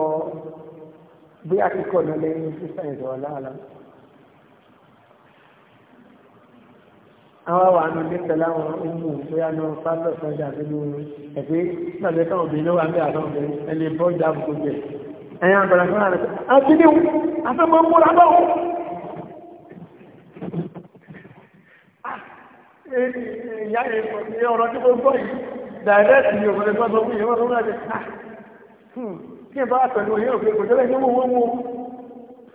bí akíkọ̀ náà lẹ́yìn sísá ìjọ aláàlá àwọn àwọn àmì nípa láwọn ohun bóyá náà pásọ̀ sọ́jà nínú ẹ̀gbẹ́ náà kàn obìnrin náà wà ní àwọn obìnrin ẹni bọ́jà àbùkù jẹ ẹ̀yìn àgbàlagbà rẹ̀ àti níwò àfẹ́mọ́ múra ìyá ọ̀rọ̀ tí mo gbọ́ yìí direct ni òun lè gbọ́ tó fún ìyẹ́wọ́n tó náà lè ká ah, hmm, kí n bá pẹ̀lú òye òfin kò tẹ́lẹ̀ ní wọ́n mú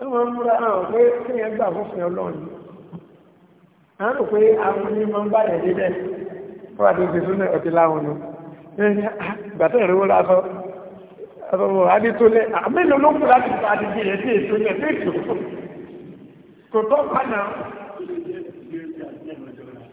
ẹ máa ń múra hàn ah, pé kí yẹn gbà fún fún ọlọ́run yìí à ń rò pé àwọn ní máa ń bá yẹn dé bẹ́ẹ̀ fún àdéhùn tuntun náà ọtí láwọn nù ah, ìgbà tó ìrìnwó la sọ ọmọ adé tó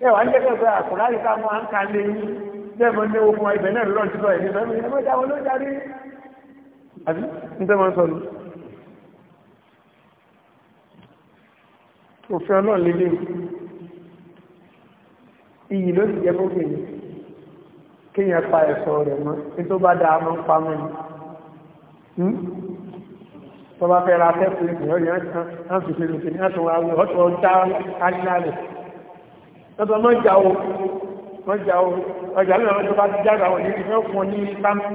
ẹ wà ń jẹ́ kẹ́kọ̀ọ́ àkùrá yìí ká mọ́ à ń ka lé yín bẹ́ẹ̀ mọ́ ní owó fún wa ibẹ̀ náà lọ́rọ̀ ti sọ ẹ̀ nígbà mí ẹgbẹ́ ìdáwọ́ ló darí àbí ń tẹ́ máa ń sọ ni. òfin ọlọ́run lè léwu iyì ló sì jẹ́ fókè yìí kéèyàn pa ẹ̀sọ́ rẹ̀ mọ́ ní tó bá dáa mọ́ pa mọ́ ni tó bá fẹ́ ra ìgbìyànjú yẹn láti fi lùkì ní àtúnwá wí ọ̀tún ọjà ánílá rẹ̀ lọ́tọ̀ mọ́ jà o mọ́ jà o ọjà lónìí àwọn tó bá ti jáde àwọn ìdílé fẹ́ fún ọ ní sáńpù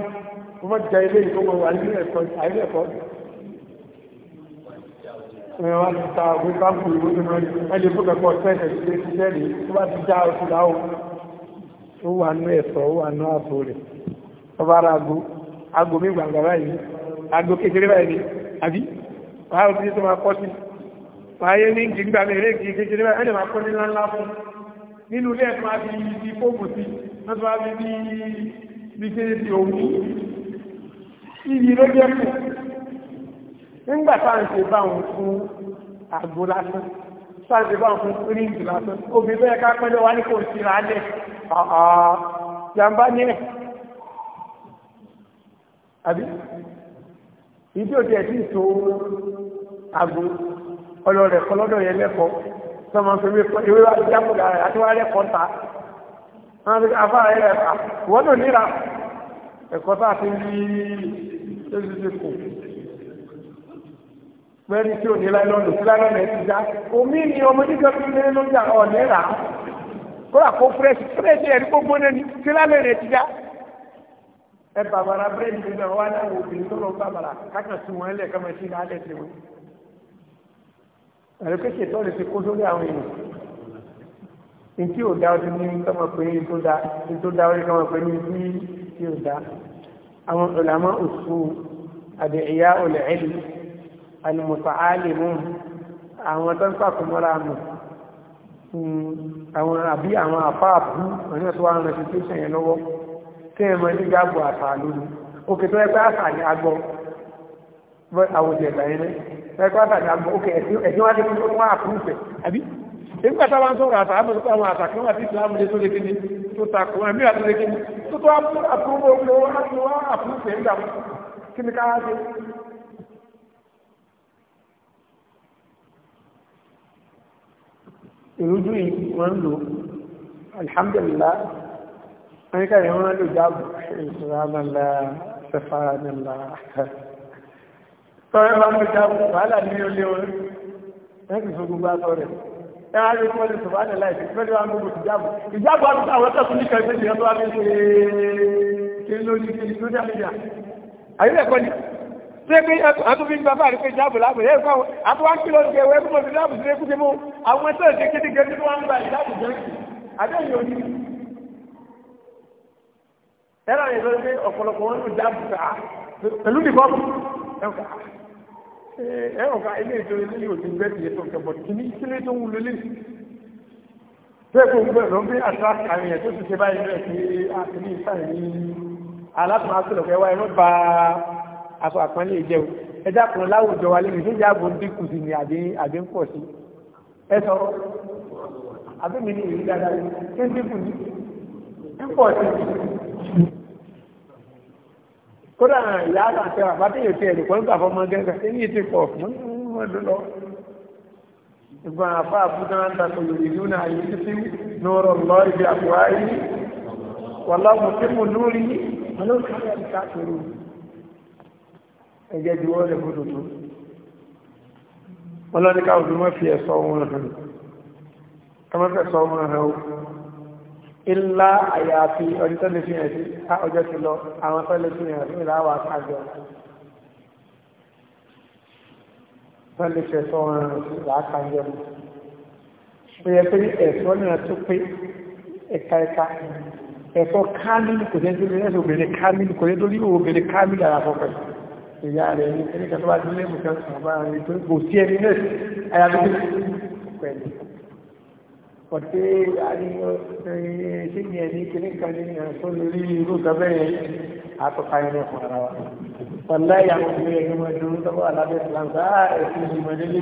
kó mọ́ jà ilé ìfowópamọ́ wà nílé ẹ̀kọ́ àìlé ẹ̀kọ́ ẹ̀rọ wá ti ta àwọn sáńpù ìwé tó mọ́ ẹ̀lẹ́ fún kẹ́kọ́ sẹ́ẹ̀sẹ̀ ti dé síṣẹ́ rè tó bá ti já oṣù láwọ̀ ó wà nú ẹ̀sọ́ ó wà nú ààbò rẹ̀ ọba ara ago ago mi gbàgbà báyìí ago kékeré báyìí àbí wàá ò nínú ilé ẹ̀tún àti ibi fóòmù sí lọ́tún àti bí bí kéré sí òun iyì ló jẹ́ kù nígbà tá à ń ṣe báwọn fún àgbo lásán tá à ń ṣe báwọn fún ríǹgì lásán obì bẹ́ẹ̀ ká pẹ́lẹ́ wá ní kò sí ra lẹ̀ jàǹbá nílẹ̀ àbí ìdí òde ẹ̀ sọmọ fún mi ìwé wa ti dákò dára àti wá rẹ kọta wọn ti afa rẹ rẹ fà wọn ò níra ẹ̀kọ́ tá a ti rí lóṣù tí kò mẹ́rin tí ò ní láìlọ́nù tí láìlọ́nù ẹ̀ ti e já omi ni ọmọ nígbà tó lé lójà ọ̀ níra kóra kó fúrẹ́sì fúrẹ́sì ẹ̀rí gbogbo náà ni tí láìlọ́nù ẹ̀ ti já ẹ bàbàrà bírèdì gbogbo àwọn aláwọ̀ obìnrin tó lọ bàbàrà kákan sí wọn ẹlẹ́ẹ̀kan máa ṣe ní alẹ́ pẹ̀lú pé ṣètọ́ lè fi kó sórí àwọn èèyàn ní tí ò dá ọdún ní kọ́mọ̀ pé ní tó dá orí kọ́mọ̀ pé ní tí tí ò dá àwọn ọ̀làmọ́ òṣù àdìyà olè ẹ̀lì àlùmọ̀tà àlèmọ́ àwọn tó ń pàkùnmọ́ra mọ̀ bọ́ àwòjẹ̀ ìgbàyẹn lẹ́ ẹ̀kọ́ àtàkì àgbọ̀ òkè ẹ̀sìn wájú kí wọ́n máa kúrú fẹ̀ àbí nígbà táwa ń sọ̀rọ̀ àtàwọn àmọ̀ àwọn àtàkì wọn àti ìsìlámù lé tó lé kíni tó ta kò wọn mí àti lé kíni tó tó àpúrúbọ̀ òkè wọn àti wọn àpúrú fẹ̀ ńgbà wọn kí ni ká ṣe. ìrújú yìí alhamdulillah wọ́n ká ìwọ́n lò jáàbù ìṣúra náà la ṣẹfà náà tọ́rẹ bá mú ìjà wàhálà ní olé orí ẹ̀kì fún gbogbo àtọ́ rẹ̀ ẹ wá rí pọ́lì tó wàhálà láìsí pẹ́lú àwọn gbogbo ìjábù ìjábù àti àwọn tẹ̀kùn ní kẹfẹ́ ìyẹn tó wá fi ṣe kí lórí kí ní sójà mídíà àyè ẹ̀kọ́ ni ṣé pé àtúnfin gba bá rí pé ìjábù láàbò yẹ kó àwọn àtúwá ń kílọ̀ ní ẹwẹ́ fún ọ̀sẹ̀ ìjábù sí ẹkú mú àwọn ẹsẹ̀ ṣe kéde gẹ́gẹ́ tó wá ń gba ìjábù jẹ́ àdéhùn òní ẹ̀rọ ìrọ̀lẹ́ ọ̀pọ̀lọpọ̀ wọn ló jábù pẹ̀lú nìkan ẹ̀ka ẹ eh, eh, ọ̀gá ilé ètò ilé yóò ti gbẹ́ tìyẹ tó kẹbọ̀ kì ní ìṣẹ́lẹ̀ tó wù lélẹ̀ bẹ́ẹ̀ kó gbẹ́ lọ bí àṣà àrìyàn tó ti ṣe báyìí rẹ̀ sí àtìní ìsàlẹ̀ ní alátùmọ̀ àtúlọ̀ kẹwàá ẹ mọ́ba aṣọ àpọ́nlé ìjẹun ẹ dákun láwùjọ wa lẹ́nu ìṣẹ́jà ààbò ń dínkù sí ni àbí ń pọ̀ sí ẹ sọ̀rọ̀ àbí mi ní ìrírí dáadáa ń dínkù ní ń pọ̀ sí kódà ìyá àti bàbá tí yóò ti ẹ̀rù pẹ̀lú àfọ́ ọmọ gẹ́gẹ́ tí yìí ti pọ̀ mọ́dún lọ. ìgbà àfa àbúdá ń ta kòlò ìlú náà yìí ti fi nọ́ọ̀rọ̀ lọ ibi àbúrá yìí wà láwọn tí mo lórí alóòkàlẹ̀ àti káàkiri ẹgẹ́ ju wọ́n lè fótó tó. wọ́n ilá àyàfi ọdún tó lè fi hàn sí ọjọ́ ti lọ àwọn tó lè fi hàn sí ìlà wà sájọ tó lè fẹ́ sọ ọ̀rọ̀ sí ìlà sájọ mu ó yẹ pé ẹ̀fọ́ náà tó pé ẹ̀ka ẹ̀ka ẹ̀fọ́ kámílì kò tẹ́jú lórí ẹ̀sùn obìnrin kámílì kò tẹ́jú lórí obìnrin kámílì àyàfọ́ pẹ̀lú ìyá rẹ̀ ní ẹnìkan tó bá dúró lẹ́mùkẹ́ ọ̀bá rẹ̀ tó kò sí ẹni náà àyàfi pẹ̀lú pọ̀tí àríyànjú ẹni kìíní kan ní ìrìnàṣọ́ lórí irú gabẹ́rẹ̀ àtọ́ka ẹni fún ara wa pọ̀lá ìyàwó ìwé ẹni mọ̀ ìdúró tọ́wọ́ alábẹ́ ìlànà ẹ̀sìn ìmọ̀ nílé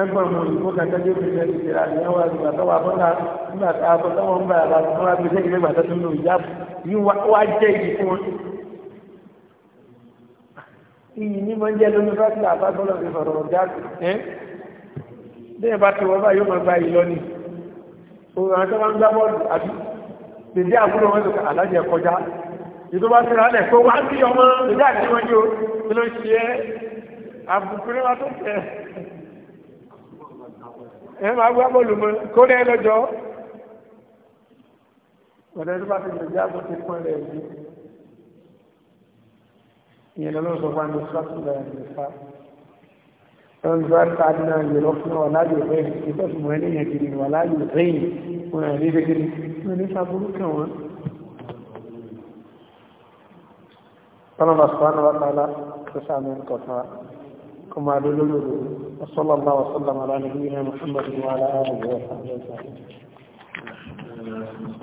ẹgbọ́n mọ̀ ìgbó kàtẹ́ bí ó fi ṣe ìṣẹ̀lẹ̀ àríyànwó àgbà tọ́wọ́ abọ́lá nígbà tí a tọ́ tọ́wọ́ ń bá ara wọn wá bí ṣe ìgbé gbà tọ́tún lò ìyá wá jẹ́ ìdí fún wọn. iyì ní mọ̀ bẹ́ẹ̀ bá ti wọ́n bá yóò máa gba ìlọ ni òun àwọn tó máa ń gbá bọ́ọ̀lù àbí dèdè àbúrò wọn lò alájẹ kọjá ìtò bá ti rálẹ̀ kó wá sí ọmọ ìdá àti wọn yóò kí ló ń ṣe é àbùkù ní wa tó tẹ̀ ẹ máa gbá bọ́ọ̀lù mọ́ kó rẹ́ lọ́jọ́ ọ̀dọ̀ tó bá ti lè jábò ti pọ́n rẹ̀ yìí ìyẹn lọ́lọ́sọ̀ fún àmì ọlọ́dúnrún adínà yọ̀rọ̀ fún ọ̀láyò rẹ̀ ìtọ́sùnmọ̀ ẹlẹ́yìn kiri ọ̀láyò rẹ̀yìn wọn àrí gẹ́gẹ́rẹ́ wọn ní sàbúrú kàn wọ́n ọlọ́mà sọ́nà wàtàlá tó sàmì kọ̀fà kọmọ adólólòrò ọ̀sọ́lọ́lá ọ̀sọ́lọ́mà lánàá